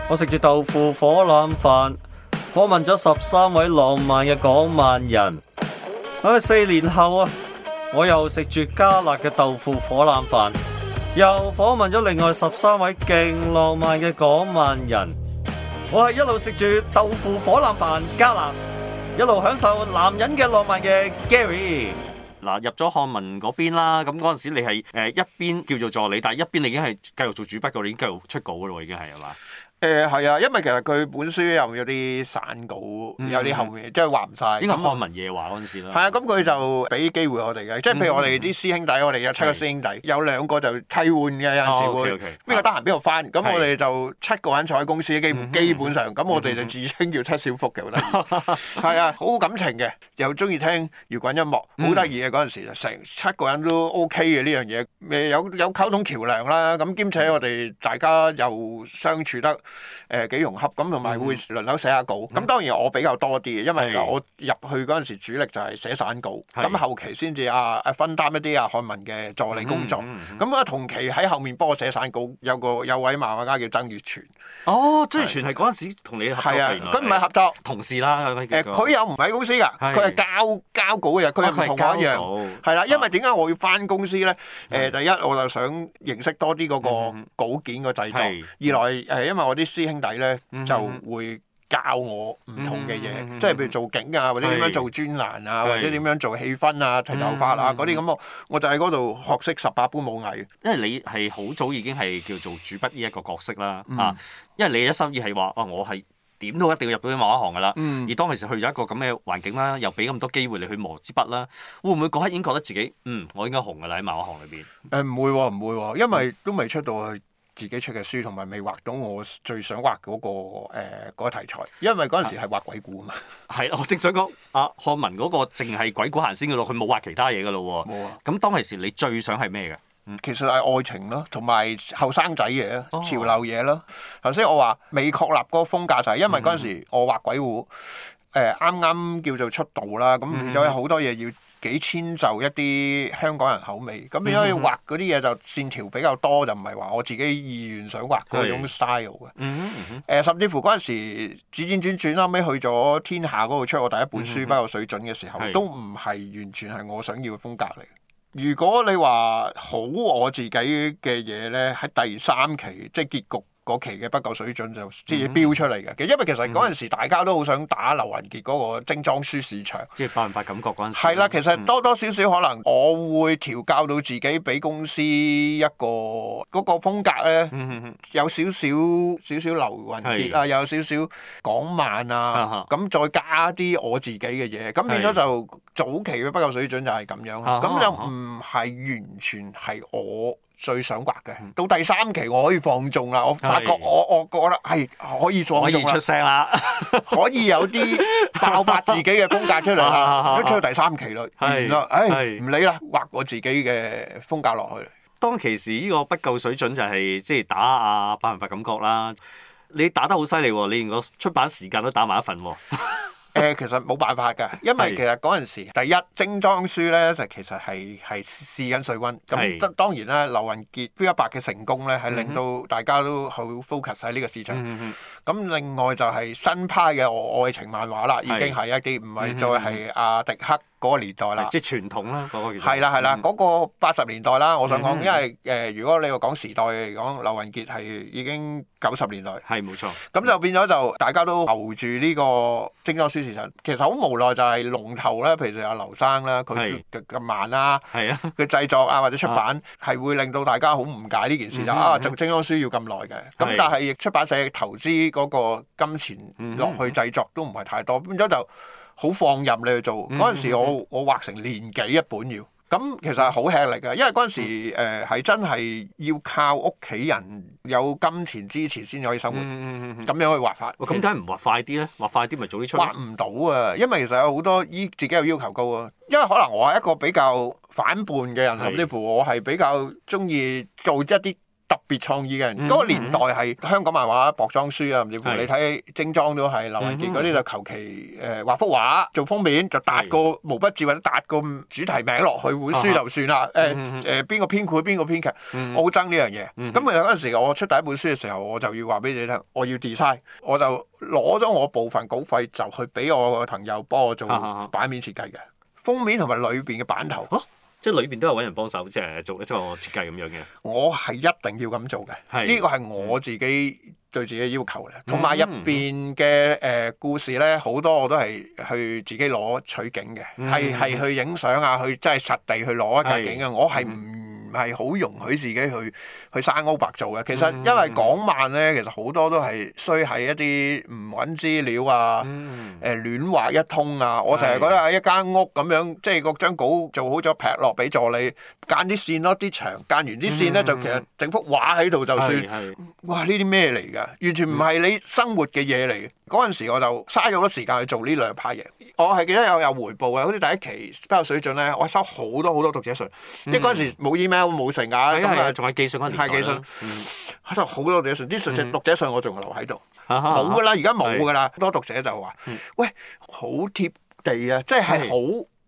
我食住豆腐火腩飯，訪問咗十三位浪漫嘅港漫人。我喺四年後啊，我又食住加辣嘅豆腐火腩飯，又訪問咗另外十三位勁浪漫嘅港漫人。我係一路食住豆腐火腩飯加辣，一路享受男人嘅浪漫嘅 Gary。嗱，入咗漢文嗰邊啦，咁嗰陣時你係誒一邊叫做助理，但係一邊你已經係繼續做主筆，你已經繼續出稿嘅咯喎，已經係係嘛？誒係啊，因為其實佢本書又有啲散稿，有啲後面，即係話唔晒，應該係漢文夜話嗰陣時啦。係啊，咁佢就俾機會我哋嘅，即係譬如我哋啲師兄弟，我哋有七個師兄弟，有兩個就替換嘅，有陣時會邊個得閒邊個翻。咁我哋就七個人坐喺公司，基本基本上，咁我哋就自稱叫七小福嘅，我覺得係啊，好好感情嘅，又中意聽搖滾音樂，好得意嘅，嗰陣時就成七個人都 OK 嘅呢樣嘢，誒有有溝通橋梁啦，咁兼且我哋大家又相處得。誒幾融洽咁，同埋會輪流寫下稿。咁當然我比較多啲，因為我入去嗰陣時主力就係寫散稿。咁後期先至啊啊分擔一啲啊漢文嘅助理工作。咁啊同期喺後面幫我寫散稿有個有位漫畫家叫曾月全。哦，曾月全係嗰陣時同你合作啊，佢唔係合作同事啦。誒，佢又唔喺公司噶，佢係交交稿嘅，佢又唔同我一樣。係啦，因為點解我要返公司呢？誒，第一我就想認識多啲嗰個稿件嘅製作。二來誒，因為我。啲師兄弟咧就會教我唔同嘅嘢，嗯、即係譬如做景啊，或者點樣做專欄啊，的或者點樣做氣氛啊、睇頭髮啦嗰啲咁。我我就喺嗰度學識十八般武藝。因為你係好早已經係叫做主筆呢一個角色啦，嚇、嗯啊！因為你一心意係話啊，我係點都一定要入到啲漫畫行噶啦。嗯、而當其時去咗一個咁嘅環境啦，又俾咁多機會你去磨支筆啦，會唔會嗰刻已經覺得自己嗯我應該紅噶啦喺漫畫行裏邊？誒唔、嗯、會喎、啊，唔會喎、啊，因為都未出到去。自己出嘅書同埋未畫到我最想畫嗰個誒嗰個題材，因為嗰陣時係畫鬼故啊嘛。係、啊、我正想講阿漢文嗰個淨係鬼故行先嘅咯，佢冇畫其他嘢嘅咯。冇啊！咁當其時你最想係咩嘅？嗯、其實係愛情咯，同埋後生仔嘢，潮流嘢咯。頭先我話未確立嗰個風格就係因為嗰陣時我畫鬼故，誒啱啱叫做出道啦，咁又有好多嘢要。幾遷就一啲香港人口味，咁所以畫嗰啲嘢就線條比較多，嗯、哼就唔係話我自己意願想畫嗰種 style 嘅的。誒、嗯嗯呃，甚至乎嗰陣時轉轉轉，後尾去咗天下嗰度出我第一本書，嗯哼嗯哼，不過水準嘅時候都唔係完全係我想要嘅風格嚟。的如果你話好我自己嘅嘢咧，喺第三期即係結局。嗰期嘅不夠水準就即係飆出嚟嘅，嗯、哼因為其實嗰陣時大家都好想打劉雲傑嗰個精裝書市場。即百分百係發唔發感覺嗰陣時？係啦，其實多多少少可能我會調教到自己，俾公司一個嗰、嗰個風格呢。嗯、哼哼有少少少少劉雲傑啊，的有少少港漫啊，咁的再加啲我自己嘅嘢，咁的變咗就早期嘅不夠水準就係咁樣啦。咁的就唔係完全係我最想畫嘅，到第三期我可以放縱啦。我發覺我我我啦，係可以放縱啦，可以出聲啦， 可以有啲爆發自己嘅風格出嚟啦。 出到第三期啦，完唔理啦，畫我自己嘅風格落去。當其時呢個不夠水準就係即係打阿百分百感覺啦。你打得好犀利喎！你連個出版時間都打埋一份喎、啊。 誒、呃、其實冇辦法㗎，因為其實嗰陣時，第一精裝書呢，就其實係係試緊水溫，咁當然啦，是劉雲傑 B 一百嘅成功呢，係、mm hmm. 令到大家都好 focus 喺呢個市場。咁、mm hmm. 另外就係新派嘅愛情漫畫啦，已經係一啲唔係再係阿、啊 mm hmm. 迪克。嗰個年代啦，即係傳統啦、啊，嗰、那個係啦係啦，嗰、嗯、個八十年代啦，我想講，因為誒、呃，如果你話講時代嚟講，劉雲傑係已經九十年代，係冇錯。咁就變咗就大家都留住呢個精裝書事實，其實好無奈就係龍頭咧，譬如阿劉生啦，佢咁咁慢啦，係啊，佢的製作啊或者出版係 會令到大家好誤解呢件事就、嗯嗯、啊做精裝書要咁耐嘅，咁、嗯嗯、但係亦出版社投資嗰個金錢落去製作都唔係太多，變咗就。好放任你去做嗰陣、嗯、時我，我、嗯、我畫成年幾一本要，咁其實係好吃力㗎，因為嗰陣時誒係、嗯呃、真係要靠屋企人有金錢支持先可以生活，咁、嗯嗯嗯、樣去畫法。咁點解唔畫快啲咧？畫快啲咪早啲出嚟？畫唔到啊，因為其實有好多依自己又要求高啊，因為可能我係一個比較反叛嘅人，甚至乎我係比較中意做一啲。特別創意嘅人，嗰、嗯、個年代係香港漫畫、嗯、薄裝書啊，甚至乎你睇是精裝都係劉維傑嗰啲就求其誒畫幅畫做封面，就達個毛筆字或者達個主題名落去本書就算啦。誒誒、嗯，邊、嗯呃呃呃、個編繪邊個編劇，我好憎呢樣嘢。咁、嗯嗯、其實嗰陣時我出第一本書嘅時候，我就要話俾你聽，我要 design，我就攞咗我部分稿費就去俾我個朋友幫我做版面設計嘅封面同埋裏邊嘅版頭。嗯嗯嗯嗯嗯嗯嗯。即係裏邊都有揾人幫手，即係做即係我設計咁樣嘅。我係一定要咁做嘅，呢個係我自己對自己嘅要求嚟。同埋入邊嘅誒故事呢，好多我都係去自己攞取，取景嘅，係係、嗯、去影相啊，去真係實地去攞一架景嘅。是我係是、嗯。係好容許自己去去生勾白做嘅，其實因為港漫呢，嗯、其實好多都係需係一啲唔揾資料啊，誒、嗯呃、亂畫一通啊。的我成日覺得一間屋咁樣，即係嗰張稿做好咗劈落俾助理，間啲線咯，啲牆間完啲線呢，嗯、就其實整幅畫喺度就算。哇！呢啲咩嚟㗎？完全唔係你生活嘅嘢嚟。嗰陣時我就嘥咗好多時間去做呢兩派嘢，我係記得有有回報嘅，好似第一期《不夠水準》咧，我收好多好多讀者信，即係嗰陣時冇 email 冇成噶，咁啊仲係寄信係寄信，收好多讀者信，啲信即係讀者信我仲留喺度，冇㗎啦，而家冇㗎啦，多讀者就話：喂，好貼地啊，即係好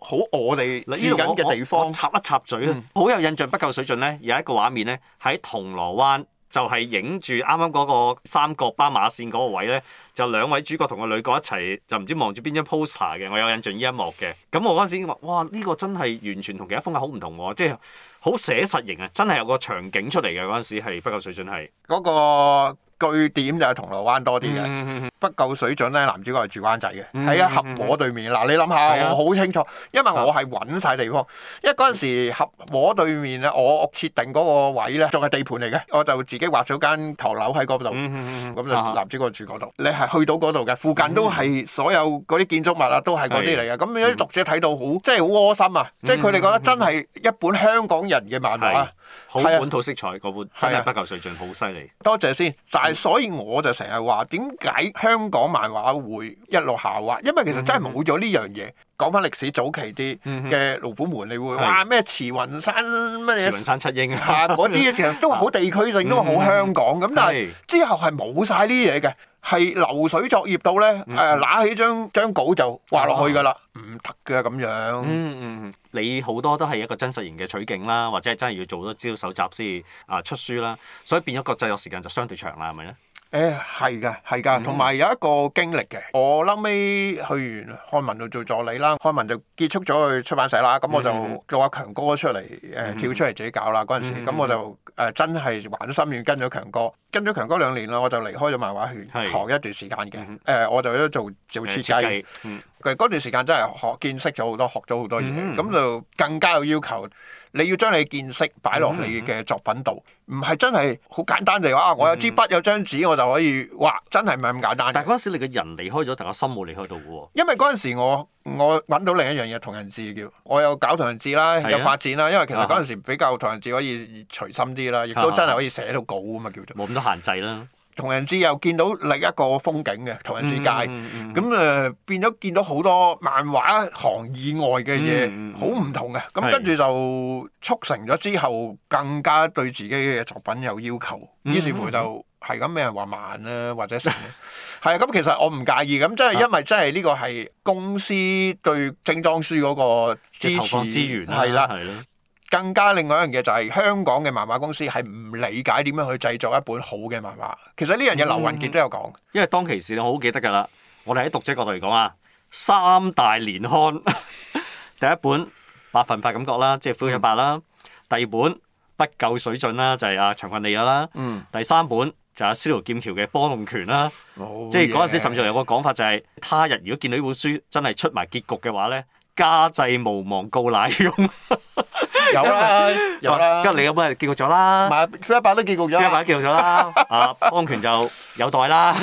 好我哋住緊嘅地方。插一插嘴，好有印象，《不夠水準》咧有一個畫面咧喺銅鑼灣。就係影住啱啱嗰個三角斑馬線嗰個位咧，就兩位主角同個女角一齊就唔知望住邊張 poster 嘅，我有印象呢一幕嘅。咁我嗰陣時已經話：哇，呢個真係完全同其他風格好唔同喎，即係好寫實型啊！真係有個場景出嚟嘅，嗰陣時係不夠水準係。嗰個。據點就係銅鑼灣多啲嘅，不夠水準咧。男主角係住灣仔嘅，喺一合和對面。嗱，你諗下，我好清楚，因為我係揾晒地方。因為嗰陣時合和對面啊，我屋設定嗰個位咧，仲係地盤嚟嘅，我就自己畫咗間唐樓喺嗰度，咁就男主角住嗰度。你係去到嗰度嘅，附近都係所有嗰啲建築物啊，都係嗰啲嚟嘅。咁有啲讀者睇到好，即係好窩心啊！即係佢哋覺得真係一本香港人嘅漫畫。好本土色彩，嗰、啊、本真係不求上進，好犀利。多謝先，但係所以我就成日話點解香港漫畫會一路下滑？因為其實真係冇咗呢樣嘢。講翻、嗯、哼歷史早期啲嘅老虎門，你會話咩、嗯、哼慈雲山咩慈雲山七英啊，嗰啲其實都好地區性，嗯、哼都好香港咁。嗯、哼但係之後係冇晒呢啲嘢嘅。係流水作業到咧，誒、呃、揦起張張稿就畫落去㗎啦，唔得嘅咁樣。嗯嗯，你好多都係一個真實型嘅取景啦，或者真係要做多招手集先啊出書啦，所以變咗國際有時間就相對長啦，係咪咧？誒係㗎，係㗎，同埋有一個經歷嘅。我後尾去完漢文度做助理啦，漢文就結束咗去出版社啦。咁我就做阿強哥出嚟，誒、嗯呃、跳出嚟自己搞啦。嗰陣時，咁、嗯、我就誒、呃、真係玩心願，跟咗強哥，跟咗強哥兩年啦，我就離開咗漫畫圈學是一段時間嘅。誒、嗯呃，我就都做做設計。其實嗰段時間真係學見識咗好多，學咗好多嘢，咁、嗯嗯、就更加有要求。你要將你見識擺落你嘅作品度，唔係、嗯嗯、真係好簡單就係話啊！我有支筆，筆有張紙我就可以嘩，真係唔係咁簡單。但嗰陣時你嘅人離開咗，但個心冇離開到嘅喎。因為嗰陣時我我揾到另一樣嘢同人誌叫，我有搞同人誌啦，有、啊、發展啦。因為其實嗰陣時比較同人誌可以隨心啲啦，亦都真係可以寫到稿咁啊叫做。冇咁多限制啦。同人誌又見到另一個風景嘅同人世界，咁誒變咗見到好多漫畫行以外嘅嘢，好唔同嘅。咁跟住就促成咗之後，更加對自己嘅作品有要求，於是乎就係咁俾人話慢啦，或者係啊。咁其實我唔介意咁，即係因為真係呢個係公司對精裝書嗰個支持資源係啦。更加另外一樣嘢就係、是、香港嘅漫畫公司係唔理解點樣去製作一本好嘅漫畫。其實呢樣嘢劉雲傑都有講，嗯。因為當其時咧，我好記得噶啦，我哋喺讀者角度嚟講啊，三大連刊，第一本百分百感覺啦，即係《灰影八》啦。嗯、第二本不夠水準啦，就係、是、阿、啊、長雲利嘅、啊、啦。嗯、第三本就阿、是、司徒、啊、劍橋嘅《波動拳》啦、哦。即係嗰陣時甚至有個講法就係、是，他日如果見到呢本書真係出埋結局嘅話咧，家祭無忘告乃翁。 有啦，有啦，跟住你咁咪結局咗啦。馬飛一版都結局咗。飛一版結局咗啦。阿汪權就有待啦。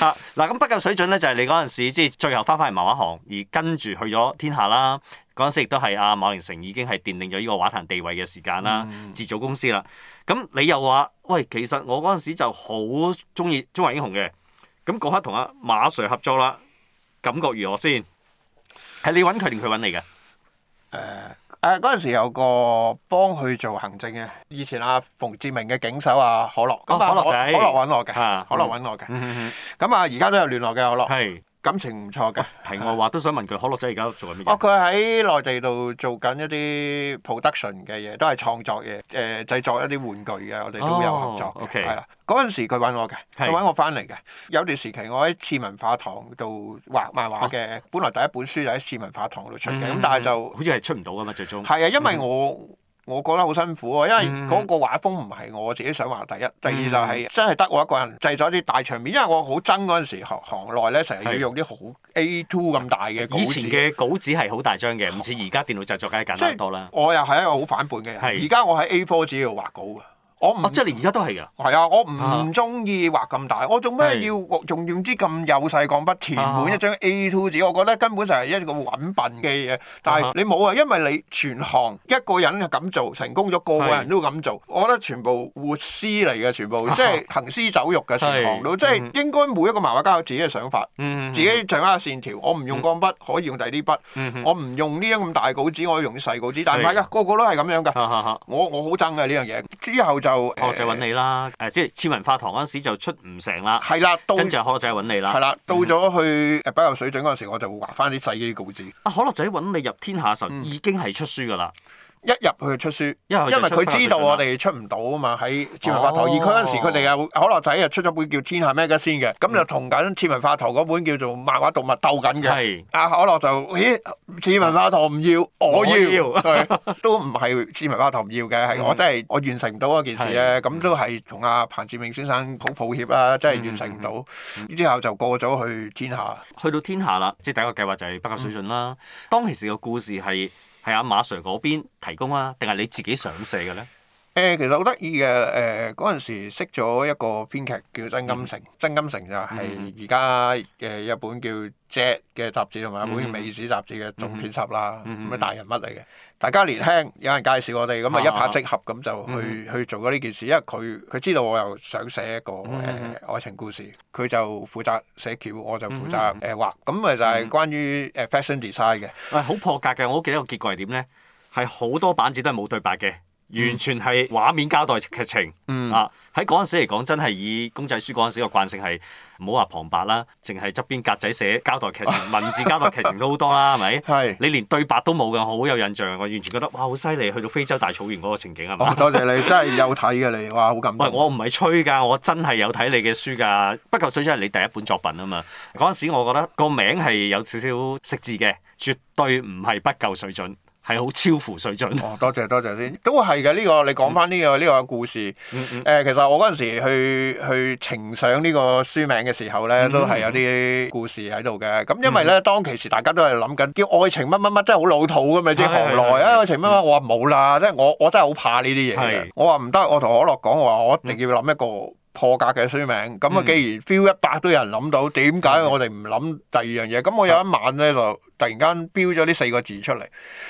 啊，嗱，咁不夠水準咧，就係、是、你嗰陣時，即係最後翻返嚟漫畫行，而跟住去咗天下啦。嗰陣時亦都係阿馬榮成已經係奠定咗呢個畫壇地位嘅時間啦，嗯、自組公司啦。咁你又話：喂，其實我嗰陣時就好中意《中華英雄》嘅。咁嗰刻同阿馬 sir 合作啦，感覺如何先？係你揾佢定佢揾你嘅？誒誒，嗰陣、呃呃、時有個幫佢做行政嘅，以前阿、啊、馮志明嘅警手阿、啊、可樂，咁可樂可樂揾我嘅，可樂揾我嘅，咁啊而家都有聯絡嘅可樂。感情唔錯㗎、哦，題外話都想問佢，可樂仔而家做緊咩？哦，佢喺內地度做緊一啲 production 嘅嘢，都係創作嘢，誒、呃、製作一啲玩具嘅，我哋都有合作嘅，係啦、哦。嗰、okay. 陣時佢揾我嘅，佢揾的我翻嚟嘅。有段時期我喺次文化堂度畫漫畫嘅，哦、本來第一本書就喺次文化堂度出嘅，咁、嗯、但係就好似係出唔到㗎嘛，最終。係啊，因為我。嗯我覺得好辛苦啊，因為嗰個畫風唔係我自己想畫。第一，嗯、第二就係真係得我一個人製作一啲大場面，因為我好憎嗰陣時行行內咧成日要用啲好 A two 咁大嘅稿。以前嘅稿紙係好大張嘅，唔似而家電腦製作梗係簡單多啦。我又係一個好反叛嘅人，而家我喺 A four 紙度畫稿㗎。我唔、啊、即係、你，而家都係㗎。係啊，我唔中意畫咁大，我做咩要仲是用支咁幼細鋼筆填滿一張 A2 紙？我覺得根本就係一個揾笨嘅嘢。但係你冇啊，因為你全行一個人係咁做成功咗，個個人都咁做。是我覺得全部活屍嚟嘅，全部 即係行屍走肉嘅全行都，是即係應該每一個漫畫家有自己嘅想法， 自己掌握線條。我唔用鋼筆， 可以用第二啲筆。 我唔用呢張咁大稿紙，我可以用細稿紙。但係唔係㗎，的個個都係咁樣㗎。我我好憎嘅呢樣嘢。之後就。就可樂仔揾你啦，誒即係次文化堂嗰陣時就出唔成啦，係啦，跟住可樂仔揾你啦，係啦，到咗去北遊水準嗰陣時，我就會畫翻啲細啲稿子。啊，可樂仔揾你入天下神已經係出書㗎啦。一入去出書，因為佢知道我哋出唔到啊嘛。喺《次文化堂而區》嗰陣時，佢哋啊可樂仔啊出咗本叫《天下咩嘅先》嘅，咁就同緊《次文化堂》嗰本叫做《漫畫動物》鬥緊嘅。係。阿可樂就，咦，《次文化堂》唔要，我要。都唔係《次文化堂》唔要嘅，係我真係我完成唔到嗰件事咧，咁都係同阿彭志明先生好抱歉啦，真係完成唔到。之後就過咗去天下。去到天下啦，即係第一個計劃就係北極水準啦。當其時個故事係。係阿馬 sir 嗰邊提供啊，定係你自己想寫嘅咧？誒其實好得意嘅，誒嗰陣時識咗一個編劇叫曾金城，曾、嗯、金城就係而家誒有本叫《Jet》嘅雜誌同埋一本《美紙》雜誌嘅總編輯啦，咁嘅、嗯、大人物嚟嘅。大家年輕，有人介紹我哋，咁啊一拍即合咁就去、啊嗯、去做咗呢件事，因為佢佢知道我又想寫一個誒、呃、愛情故事，佢就負責寫橋，我就負責誒畫，咁、呃、咪、嗯呃、就係關於誒 fashion design 嘅。誒好、嗯、破格嘅，我記得個結果係點咧？係好多版紙都係冇對白嘅。嗯、完全係畫面交代劇情、嗯、啊！喺嗰陣時嚟講，真係以公仔書嗰陣時個慣性係唔好話旁白啦，淨係側邊格仔寫交代劇情， 文字交代劇情都好多啦，係咪 是？你連對白都冇㗎，好有印象，我完全覺得哇，好犀利！去到非洲大草原嗰個情景係咪？多、哦、謝謝你， 真係有睇㗎你，哇，好感動！喂，我唔係吹㗎，我真係有睇你嘅書㗎。 不夠水準係你第一本作品啊嘛！嗰陣時我覺得個名係有少少食字嘅，絕對唔係不夠水準。係好超乎水準。哦，多謝多謝先，都係嘅呢個。你講翻呢個呢、嗯、個故事。誒、嗯嗯呃，其實我嗰陣時去去呈上呢個書名嘅時候呢，嗯嗯、都係有啲故事喺度嘅。咁因為呢，嗯、當其時大家都係諗緊叫愛情乜乜乜，真係好老土㗎嘛，啲行內啊，愛情乜乜、嗯。我話冇啦，即係我我真係好怕呢啲嘢嘅。我話唔得，我同可樂講，我話我一定要諗一個。破格嘅書名，咁啊，既然 feel 一百都有人諗到，點解我哋唔諗第二樣嘢？咁的我有一晚咧就突然間標咗呢四個字出嚟，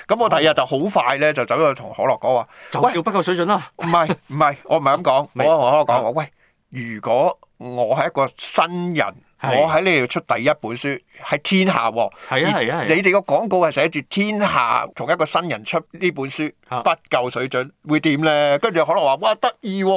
咁我第二日就好快咧就走去同可樂講話，嗯、喂，要不夠水準啦。唔係唔係，我唔係咁講， 是我同可樂講話，喂，如果我係一個新人。我喺呢度出第一本書，係天下喎。啊係啊，你哋個廣告係寫住天下，同一個新人出呢本書，啊、不夠水準會點咧？跟住可能話哇得意喎、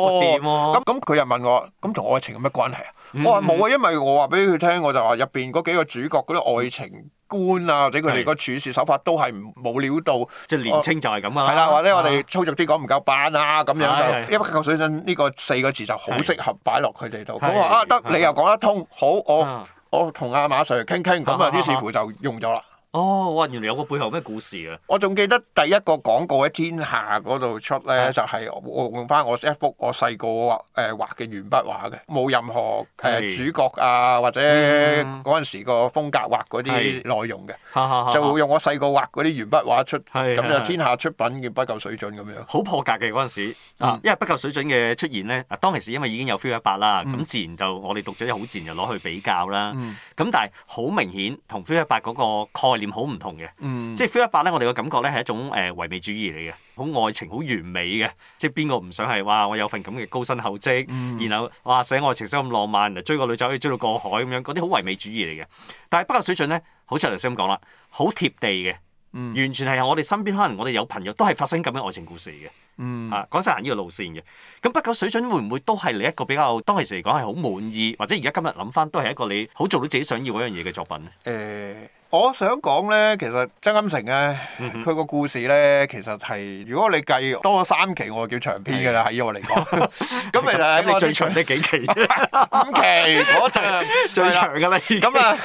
哦，咁咁佢又問我，咁同愛情有咩關係啊？我話冇啊，因為我話俾佢聽，我就話入邊嗰幾個主角嗰啲愛情觀啊，或者佢哋個處事手法都係冇料到，即係年青就係咁啊。係啦、啊，或者我哋粗俗啲講唔夠班啊，咁樣就的一不夠水準呢個四個字就好適合擺落佢哋度。咁話的啊得，你又講得通，好，我的我同阿馬 Sir 傾傾，咁啊於是乎就用咗啦。哦，哇！原來有個背後咩故事啊！我仲記得第一個廣告喺天下度出咧，是就係我用翻我一幅我細個畫誒畫嘅鉛筆畫嘅，冇任何誒主角啊是或者陣時個風格畫啲內容嘅，就用我細個畫啲鉛筆畫出，咁是就天下出品嘅不夠水準咁樣，好破格嘅陣時，嗯、因為不夠水準嘅出現咧，當其時因為已經有 feel 一百啦，咁、嗯、自然就我哋讀者就好自然就攞去比較啦。咁、嗯、但係好明顯同 feel 一百嗰個概念。好唔同嘅，嗯、即係《飛一百》咧，我哋嘅感覺咧係一種誒、呃、唯美主義嚟嘅，好愛情好完美嘅。即係邊個唔想係哇？我有份咁嘅高薪厚職，嗯、然後哇，寫愛情寫咁浪漫，追個女仔可以追到過，過海咁樣，嗰啲好唯美主義嚟嘅。但係《不朽水準》咧，好似頭先咁講啦，好貼地嘅，嗯、完全係我哋身邊，可能我哋有朋友都係發生咁嘅愛情故事嘅。吓、嗯，講晒行呢個路線嘅。咁《不朽水準》會唔會都係你一個比較當其時嚟講係好滿意，或者而家今日諗翻都係一個你好做到自己想要嗰樣嘢嘅作品咧？誒、嗯。我想講呢，其實張金城呢，佢個故事呢，其實係如果你計多咗三期，我就叫長篇㗎啦。喺我嚟講，咁其實係一個最長嘅幾期啫，五期嗰陣最長嘅啦。咁啊，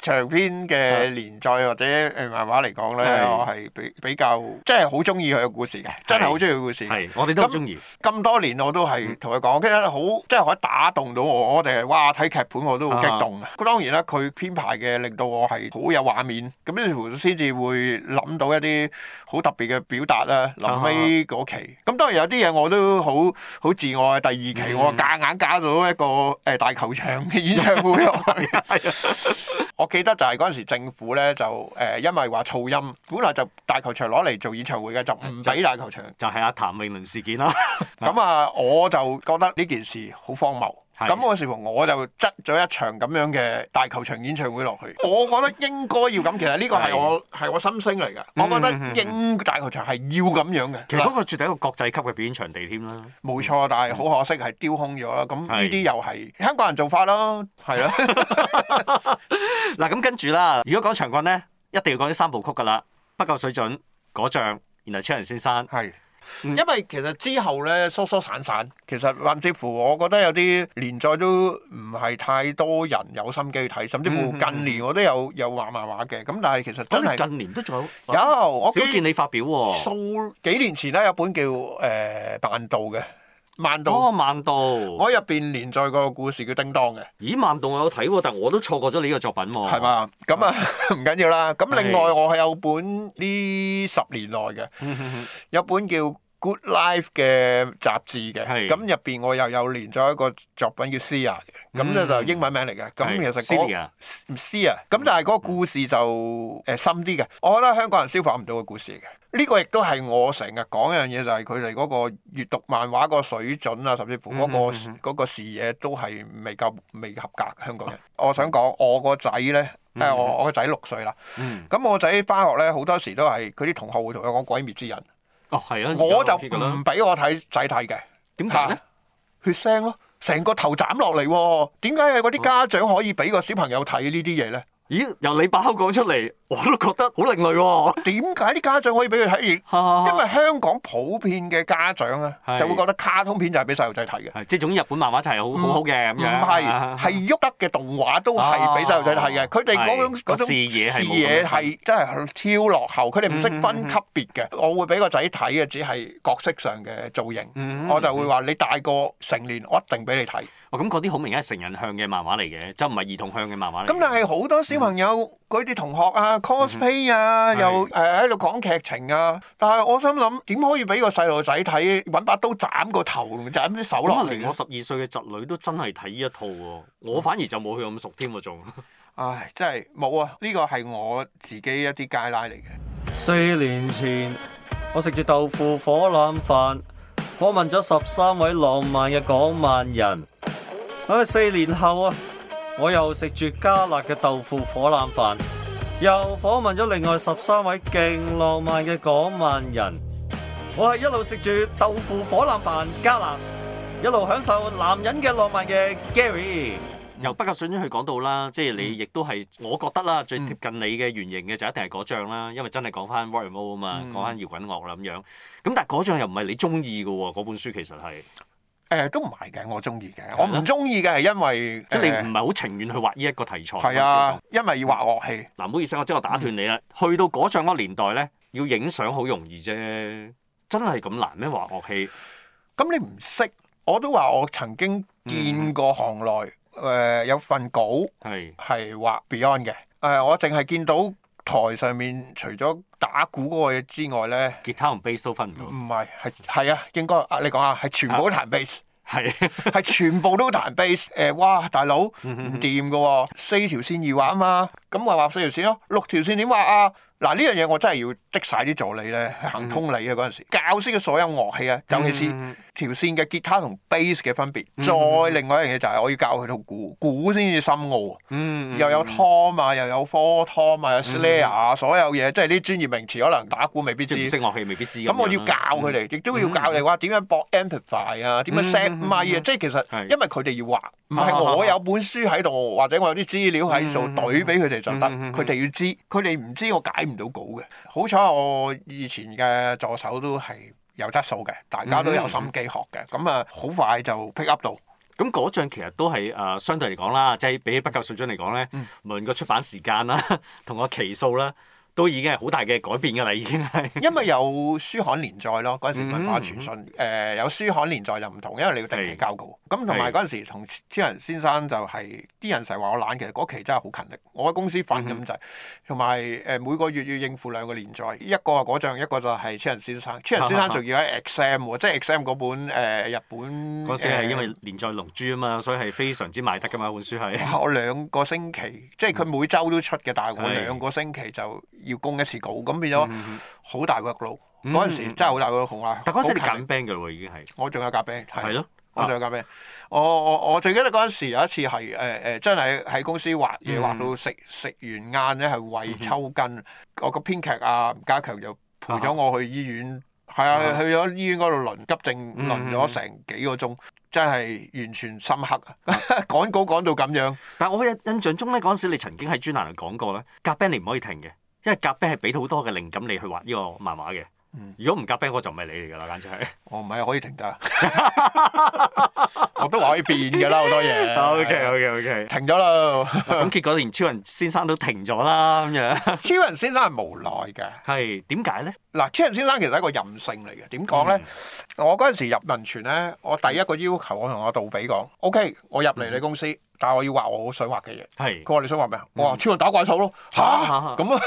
長篇嘅連載或者漫畫嚟講呢，我係比比較即係好中意佢嘅故事嘅，真係好中意佢故事。我哋都中意。咁多年我都係同佢講，其實好即係可以打動到我。我哋係哇睇劇本我都好激動啊。當然啦，佢編排嘅令到我係好有畫面咁，於是乎先至會諗到一啲好特別嘅表達啦。臨尾嗰期，咁當然有啲嘢我都好好自愛。第二期我夾硬，硬加咗一個誒、呃、大球場嘅演唱會。係啊，我記得就係嗰陣時政府咧就誒，因為話噪音，本來就大球場攞嚟做演唱會嘅，就唔使大球場。就係、是、阿、就是啊、譚詠麟事件啦。咁啊，我就覺得呢件事好荒謬。咁是我時我我就執咗一場咁樣嘅大球場演唱會落去，我覺得應該要咁。其實呢個係我係我心聲嚟㗎。我覺得應大球場係要咁樣嘅。嗯嗯嗯嗯，其實嗰個絕對係一個國際級嘅表演場地添啦。冇錯，但係好可惜係丟空咗啦。咁呢啲又係香港人做法咯。係啦、 啊。嗱咁跟住啦，如果講長棍咧，一定要講啲三部曲㗎啦。不夠水準，果醬，然後超人先生。係。嗯、因為其實之後咧疏疏散散，其實甚至乎我覺得有啲連載都唔係太多人有心機去睇，甚至乎近年我都有有畫漫畫嘅，咁但係其實真係近年都仲有有，我幾見你發表喎、哦，幾年前咧有本叫誒扮道嘅。呃萬度，哦、我入邊連載個故事叫《叮當》嘅。咦，萬度我有睇喎，但係我都錯過咗你呢個作品喎。係嘛？咁啊，唔緊要啦。咁另外是我係有本呢十年內嘅，有本叫《Good Life》嘅雜誌嘅。係是。咁入邊我又有連載一個作品叫《Cia》嘅，咁咧就英文名嚟嘅。係、嗯。咁其實 Cia 唔 Cia，咁但係嗰個故事就誒深啲嘅。我覺得香港人消化唔到個故事嚟嘅。呢個亦都係我成日講一樣嘢，就係佢哋嗰個閱讀漫畫個水準啊，甚至乎嗰、嗰個嗰、mm hmm. 視野都係未夠、未合格。香港人，Okay. 我想講，我個仔咧，誒、mm hmm. 呃，我、mm hmm. 我個仔六歲啦。咁我仔翻學咧，好多時都係佢啲同學會同佢講《鬼滅之刃》。哦，係啊，我，我就唔俾我睇仔睇嘅。點睇咧？血腥咯，成個頭斬落嚟喎！點解係嗰啲家長可以俾個小朋友睇呢啲嘢咧？咦？由你把口講出嚟。我都覺得好另類喎，點解啲家長可以俾佢睇？亦因為香港普遍嘅家長咧，就會覺得卡通片就係俾細路仔睇嘅，即係總之日本漫畫就係好好嘅唔係，係喐得嘅動畫都係俾細路仔睇嘅。佢哋嗰種嗰種視野係真係超落後。佢哋唔識分級別嘅，我會俾個仔睇嘅，只係角色上嘅造型，我就會話你大個成年，我一定俾你睇。咁嗰啲好明顯係成人向嘅漫畫嚟嘅，就唔係兒童向嘅漫畫嚟。咁但係好多小朋友。嗰啲同學啊，cosplay 啊，嗯、哼又誒喺度講劇情啊。但係我心諗點可以俾個細路仔睇，揾把刀斬個頭，斬啲手落？咁、嗯、哼連我十二歲嘅侄女都真係睇呢一套喎、啊，我反而就冇佢咁熟添喎仲。唉、 哎，真係冇啊！呢個係我自己一啲街拉嚟嘅。四年前，我食住豆腐火腩飯，訪問咗十三位浪漫嘅港漫人。啊、哎，四年後啊！我又食住加辣嘅豆腐火腩飯，又訪問咗另外十三位勁浪漫嘅港漫人。我係一路食住豆腐火腩飯加辣，一路享受男人嘅浪漫嘅 Gary。由不夠順啲去講到啦，即係你亦都係我覺得啦，最貼近你嘅原型嘅就一定係嗰張啦，因為真係講翻 Rock and Roll 啊嘛，講翻搖滾樂啦咁樣。咁但係嗰張又唔係你中意嘅喎，嗰本書其實係。誒、呃、都唔係嘅，我中意嘅，的我唔中意嘅係因為即係你唔係好情願去畫呢一個題材。係啊、呃，的因為要畫樂器。嗱、嗯，唔、啊、好意思，我即刻打斷你啦。嗯、去到嗰上個年代咧，要影相好容易啫，真係咁難咩畫樂器？咁你唔識，嗯、我都話我曾經見過行內誒、呃、有份稿係係畫 Beyond 嘅。誒、呃，我淨係見到。台上面除咗打鼓嗰個嘢之外咧，吉他同 bass 都分唔到。唔係，係係啊，應該啊，你講下，係全部都彈 bass、呃。係，係全部都彈 bass。誒，哇，大佬唔掂噶喎，四、 哦、條線易畫啊嘛，咁咪畫四條線咯、啊，六條線點畫啊？嗱，呢樣嘢我真係要積晒啲助理咧，去行通你啊！嗰陣時教識嘅所有樂器啊，尤其是條線嘅吉他同 bass 嘅分別。再另外一樣嘢就係我要教佢套鼓，鼓先至深奧。嗯，又有 tom 啊，又有 four tom 啊，有 slayer 啊，所有嘢，即係啲專業名詞，可能打鼓未必知，唔識樂器未必知。咁我要教佢哋，亦都要教你話點樣搏 amplify 啊，點樣 set 咪啊，即係其實因為佢哋要畫，唔係我有本書喺度，或者我有啲資料喺度懟俾佢哋就得，佢哋要知，佢哋唔知我解。唔到稿嘅，好彩我以前嘅助手都係有質素嘅，大、嗯、家 都有心機學嘅，咁啊好快就 pick up 到。咁嗰張其實都係誒、呃、相對嚟講啦，即係比起不夠水準嚟講咧，嗯、無論個出版時間啦，同個期數啦，都已經係好大嘅改變㗎啦，已經係。因為有書刊連載咯，嗰陣時文化傳信誒有書刊連載就唔同，因為你要定期交稿。咁同埋嗰陣時同千人先生就係啲人成日話我懶，其實嗰期真係好勤力，我喺公司瞓咁滯。同埋誒每個月要應付兩個連載，一個係《果醬》，一個就係《千人先生》。千人先生仲要喺 exam 喎，即係 exam 嗰本誒日本。嗰陣係因為連載《龍珠》啊嘛，所以係非常之賣得㗎嘛，本書係。我兩個星期，即係佢每周都出嘅，但係我兩個星期就，要供一次稿，咁變咗好大個鑊。嗰陣時真係好大個鑊啊！但嗰時你夾 band 㗎喇喎，已經係我仲有夾 band。係咯，我仲有夾 band。我我我最記得嗰陣時，有一次係誒誒，真係喺公司畫嘢，畫到食食完晏咧，係胃抽筋。我個編劇啊，吳家強又陪咗我去醫院。係啊，去咗醫院嗰度輪急症，輪咗成幾個鐘，真係完全深刻啊！趕稿趕到咁樣。但我印象中咧，嗰陣時你曾經喺專欄講過咧，夾 band 你唔可以停嘅。因為夾 band 係俾到好多嘅靈感你去畫呢個漫畫嘅。如果唔夾 band，我就唔係你嚟噶啦，簡直係。我唔係可以停噶， 我都話可以變噶啦，好 多嘢。O K O K O K，停咗了咯。咁 結果連超人先生都停咗啦，咁樣。超人先生係無奈嘅。係。點解咧？嗱，超人先生其實係一個任性嚟嘅。點講咧？嗯、我嗰陣時入文泉咧，我第一個要求我我，okay, 我同阿杜比講：，O K，我入嚟你公司。嗯但係我要畫我好想畫嘅嘢。係。佢話：你想畫咩啊？我話：超人打怪獸咯。嚇！咁啊，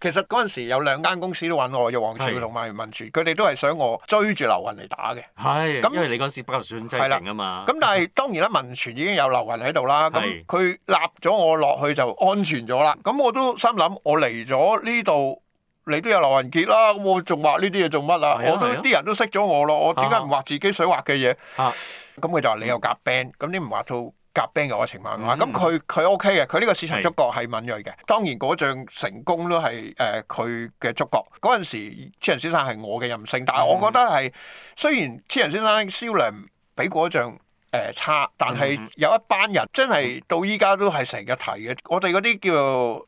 其實嗰陣時有兩間公司都揾我，有黃翠同埋文泉，佢哋都係想我追住劉雲嚟打嘅。係。咁因為你嗰陣時比較算精明啊嘛。咁但係當然啦，文泉已經有劉雲喺度啦。咁佢立咗我落去就安全咗啦。咁我都心諗，我嚟咗呢度，你都有劉雲傑啦。咁我仲畫呢啲嘢做乜啊？我都啲人都識咗我咯。我點解唔畫自己想畫嘅嘢？啊！咁佢就話你又夾 band，咁你唔畫套？夾 band 嘅愛情漫畫，咁佢，佢 O K 嘅，佢呢、OK、個市場觸覺係敏鋭嘅。是當然嗰仗成功都係誒佢嘅觸覺。嗰陣時黐人先生係我嘅任性，但係我覺得係、嗯、雖然黐人先生銷量比嗰仗。誒、呃、差，但係有一班人真係到依家都係成日睇嘅。嗯、我哋嗰啲叫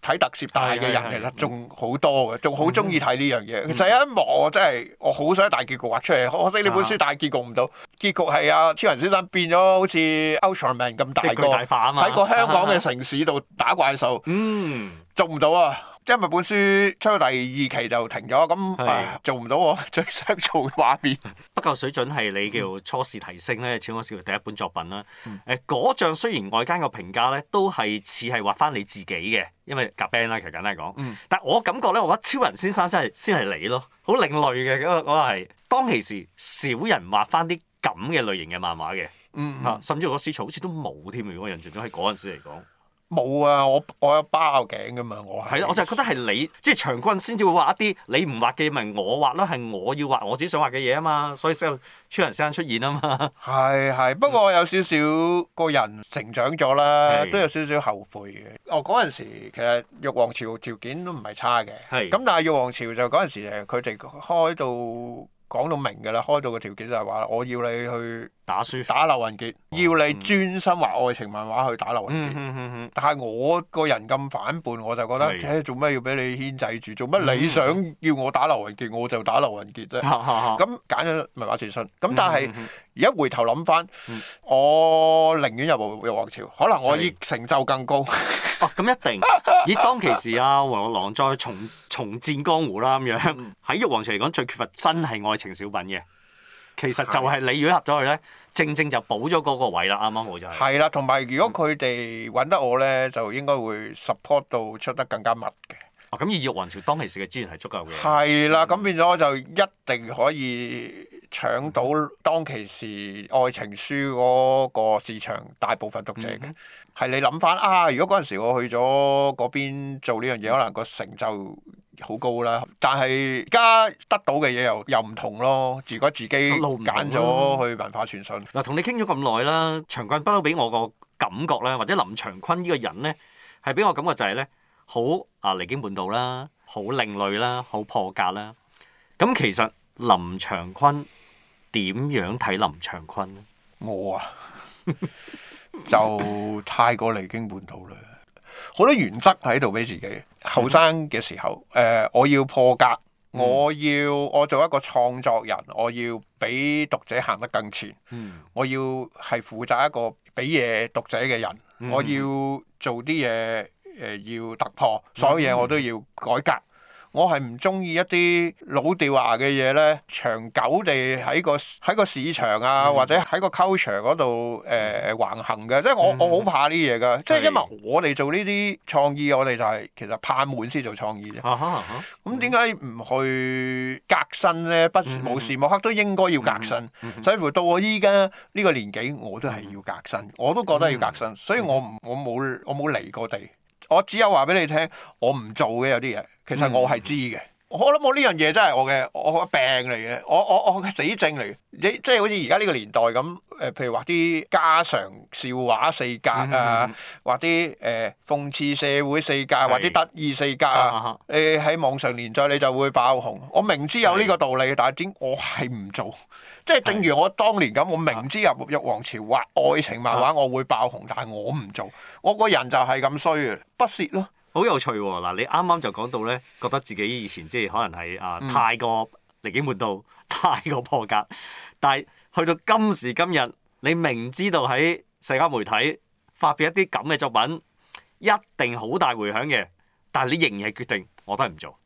睇特攝大嘅人，其實仲好多嘅，仲好中意睇呢樣嘢。嗯、其實有一幕我真係我好想大結局畫、啊、出嚟，可惜呢本書大結局唔到。啊、結局係阿、啊、超人先生變咗好似歐特曼咁大個，喺個香港嘅城市度打怪獸。嗯。做唔到啊！即係咪本書出到第二期就停咗，咁、啊、做唔到喎。最想做嘅畫面， 不過水準係你叫初試提升咧，超人先生第一本作品啦。誒、嗯，嗰張、呃、雖然外間個評價咧，都係似係畫翻你自己嘅，因為夾 band 啦，其實簡單嚟講。嗯、但我感覺咧，我覺得超人先生先係先係你咯，好另類嘅咁啊！我係當其時少人畫翻啲咁嘅類型嘅漫畫嘅，啊、嗯，嗯、甚至我覺得市場好似都冇添，如果我印象中喺嗰陣時嚟講。 冇啊！我我有包頸㗎嘛，我係。係啊，我就覺得係你即係長君先至會畫一啲你唔畫嘅，咪我畫咯，係我要畫我自己想畫嘅嘢啊嘛，所以先有超人先生出現啊嘛。係係，不過我有少少個人成長咗啦，都有少少後悔嘅。哦，嗰陣時其實玉皇朝條件都唔係差嘅。咁係但係玉皇朝就嗰陣時誒，佢哋開到。講到明㗎啦，開到個條件就係話，我要你去打輸打劉雲傑，要你專心畫愛情漫畫去打劉雲傑。嗯、哼哼，但係我個人咁反叛，我就覺得，誒的，做咩、欸、要俾你牽制住？做乜你想要我打劉雲傑，我就打劉雲傑啫。咁揀咗漫畫傳信，咁但係。嗯哼哼而家回頭諗翻，嗯、我寧願入《玉皇朝》，可能我已成就更高。哦是，咁、 啊嗯、一定。以當其時啊，黃玉郎再重重戰江湖啦，咁樣喺《玉皇朝》嚟講最缺乏真係愛情小品嘅。其實就係你如果入咗去咧，正正就補咗嗰個位啦。啱啱好就係、是。係啦，同埋如果佢哋揾得我咧，就應該會 support 到出得更加密嘅。哦、啊，咁、嗯啊、以《玉皇朝》當其時嘅資源係足夠嘅。係啦，咁變咗我就一定可以。搶到當其時愛情書嗰個市場大部分讀者嘅，係、嗯、哼你諗翻啊！如果嗰陣時我去咗嗰邊做呢樣嘢，可能個成就好高啦。但係而家得到嘅嘢又又唔同咯。如果自己揀咗去文化傳信嗱，同、啊、你傾咗咁耐啦，長坤不嬲俾我個感覺啦，或者林長坤呢個人咧，係俾我感覺就係、是、咧，好啊離經叛道啦，好另類啦，好破格啦。咁其實林長坤。點樣睇林長坤？我啊， 就太過離經叛道啦，好多原則喺度俾自己。後生嘅時候，誒、呃，我要破格，我要我做一個創作人，我要俾讀者行得更前。嗯、我要係負責一個俾嘢讀者嘅人，嗯、我要做啲嘢誒，要突破，所有嘢我都要改革。我係唔中意一啲老掉牙嘅嘢咧，長久地喺個喺個市場啊，mm hmm. 或者喺個溝場嗰度誒橫行嘅，即係我我好怕呢嘢㗎。Mm hmm. 即係因為我哋做呢啲創意，我哋就係其實怕悶先做創意啫。咁點解唔去革新咧？不無時無刻都應該要革新，mm hmm. 甚至乎到我依家呢個年紀，我都係要革新，我都覺得要革新。所以我唔我冇我冇離過地，我只有話俾你聽，我唔做嘅有啲嘢。其實我係知嘅，我諗我呢樣嘢真係我嘅我嘅病嚟嘅，我我我嘅死症嚟嘅，你即係好似而家呢個年代咁，誒、呃、譬如話啲家常笑話四格啊，畫啲誒諷刺社會四格，是或者得意四格啊，你喺、啊啊啊呃、網上連載你就會爆紅。我明知有呢個道理，是但係點？我係唔做，即係正如我當年咁，是我明知入玉皇朝畫愛情漫畫我會爆紅，但係我唔做，我個人就係咁衰嘅，不屑咯。好有趣喎！嗱，你啱啱就講到咧，覺得自己以前即係可能係啊，太過離經叛道，太過破格。但係去到今時今日，你明知道喺社交媒體發表一啲咁嘅作品，一定好大迴響嘅。但係你仍然係決定我都係唔做。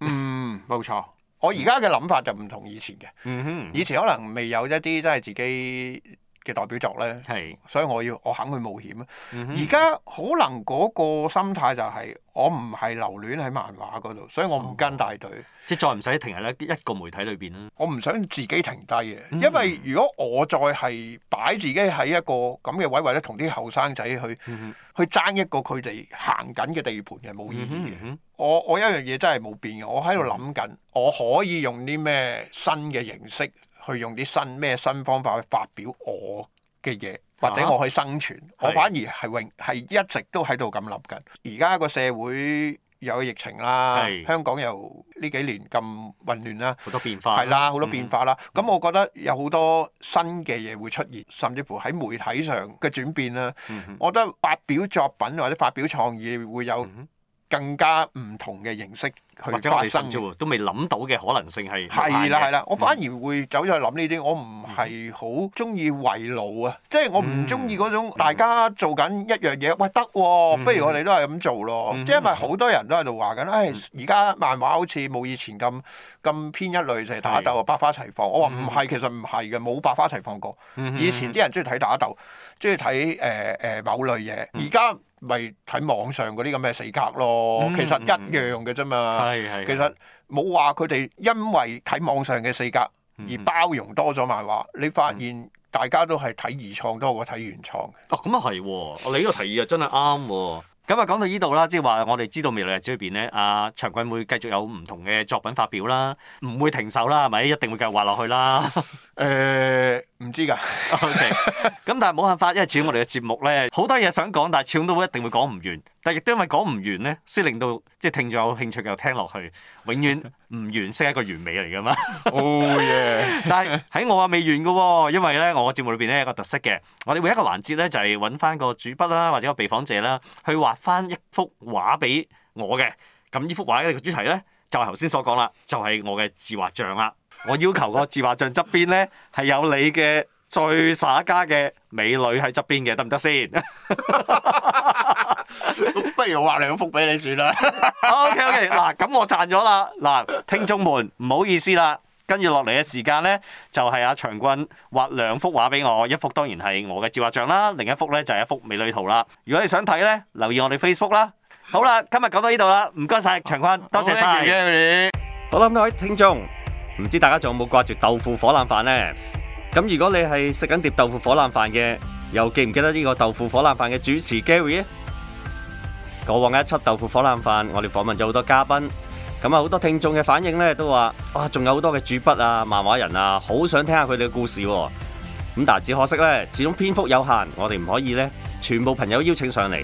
嗯，冇錯。我而家嘅諗法就唔同以前嘅。嗯哼。以前可能未有一啲真係自己嘅代表作咧，是所以我要我肯去冒險啊！而家、嗯、哼可能嗰個心態就係我唔係留戀喺漫畫嗰度，所以我唔跟大隊。哦、即再唔使停喺一個媒體裏邊啦。我唔想自己停低嘅，因為如果我再係擺自己喺一個咁嘅位或者同啲後生仔去、嗯、哼去爭一個佢哋行緊嘅地盤係冇意義嘅、嗯嗯。我我有一樣嘢真係冇變嘅，我喺度諗緊，我可以用啲咩新嘅形式，去用啲新咩新方法去發表我嘅嘢，或者我去生存，啊、我反而係永係是一直都喺度咁諗緊。而家個社會有疫情啦，是香港又呢幾年咁混亂啦，好多變化啦，好多變化啦。咁、嗯、我覺得有好多新嘅嘢會出現，甚至乎喺媒體上嘅轉變啦。嗯、哼我覺得發表作品或者發表創意會有。更加唔同嘅形式去發生啫，都未諗到嘅可能性係。係啦係啦，我反而會走咗去諗呢啲，我唔係好中意圍爐啊，嗯、即係我唔中意嗰種大家做緊一樣嘢，嗯、喂，得喎，啊嗯、不如我哋都係咁做咯，啊，即係咪好多人都喺度話緊，唉而家漫畫好似冇以前咁咁偏一類，就係打鬥百花齊放。我話唔係，嗯、其實唔係嘅，冇百花齊放過。嗯、以前啲人中意睇打鬥，中意睇誒誒某類嘢，而家。咪睇網上嗰啲咁嘅四格咯，其實一樣嘅啫嘛。嗯嗯、其實冇話佢哋因為睇網上嘅四格而包容多咗漫畫，嗯、你發現大家都係睇二創多過睇原創嘅。哦、啊，咁又係喎，你呢個提議啊真係啱喎。咁啊，講到呢度啦，即係話我哋知道未來日子裏邊咧，阿長俊會繼續有唔同嘅作品發表啦，唔會停手啦，係咪？一定會繼續畫落去啦。誒、 欸，唔知㗎。OK。咁但係冇辦法，因為始終我哋嘅節目咧好多嘢想講，但係始終都一定會講唔完。但亦都因為講唔完咧，先令到即係聽咗有興趣又聽落去。永遠唔完，先係一個完美嚟㗎嘛。哦耶！但係喺我啊未完㗎喎，因為咧我嘅節目裏邊咧有一個特色嘅，我哋每一個環節咧就係揾翻個主筆啦或者個被訪者啦，去畫翻一幅畫俾我嘅。咁呢幅畫嘅主題咧就係頭先所講啦，就係我嘅自畫像啦。我要求個自畫像側邊咧係有你嘅最耍家嘅。美女喺側邊嘅得唔得先？不如我畫兩幅俾你算啦。OK OK，嗱，咁我賺咗啦。嗱，聽眾們唔好意思啦，跟住落嚟嘅時間咧，就係阿長君畫兩幅畫俾我，一幅當然係我嘅自畫像啦，另一幅咧就係一幅美女圖啦。如果你想睇咧，留意我哋 Facebook 啦。好啦，今日講到呢度啦，唔該曬長君，多謝曬。好啦，咁各位聽眾，唔知大家仲有冇掛住豆腐火腩飯咧？咁如果你係食緊碟豆腐火腩飯嘅，又記唔記得呢個豆腐火腩飯嘅主持 Gary 咧？過往一輯豆腐火腩飯，我哋訪問咗好多嘉賓，咁啊好多聽眾嘅反應咧都話，哇、啊，仲有好多嘅主筆啊、漫畫人啊，好想聽下佢哋嘅故事、啊。咁但係只可惜咧，始終篇幅有限，我哋唔可以咧全部朋友邀請上嚟。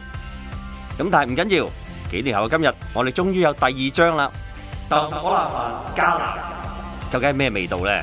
咁但係唔緊要，幾年後嘅今日，我哋終於有第二章啦！豆腐火腩飯加辣，究竟係咩味道咧？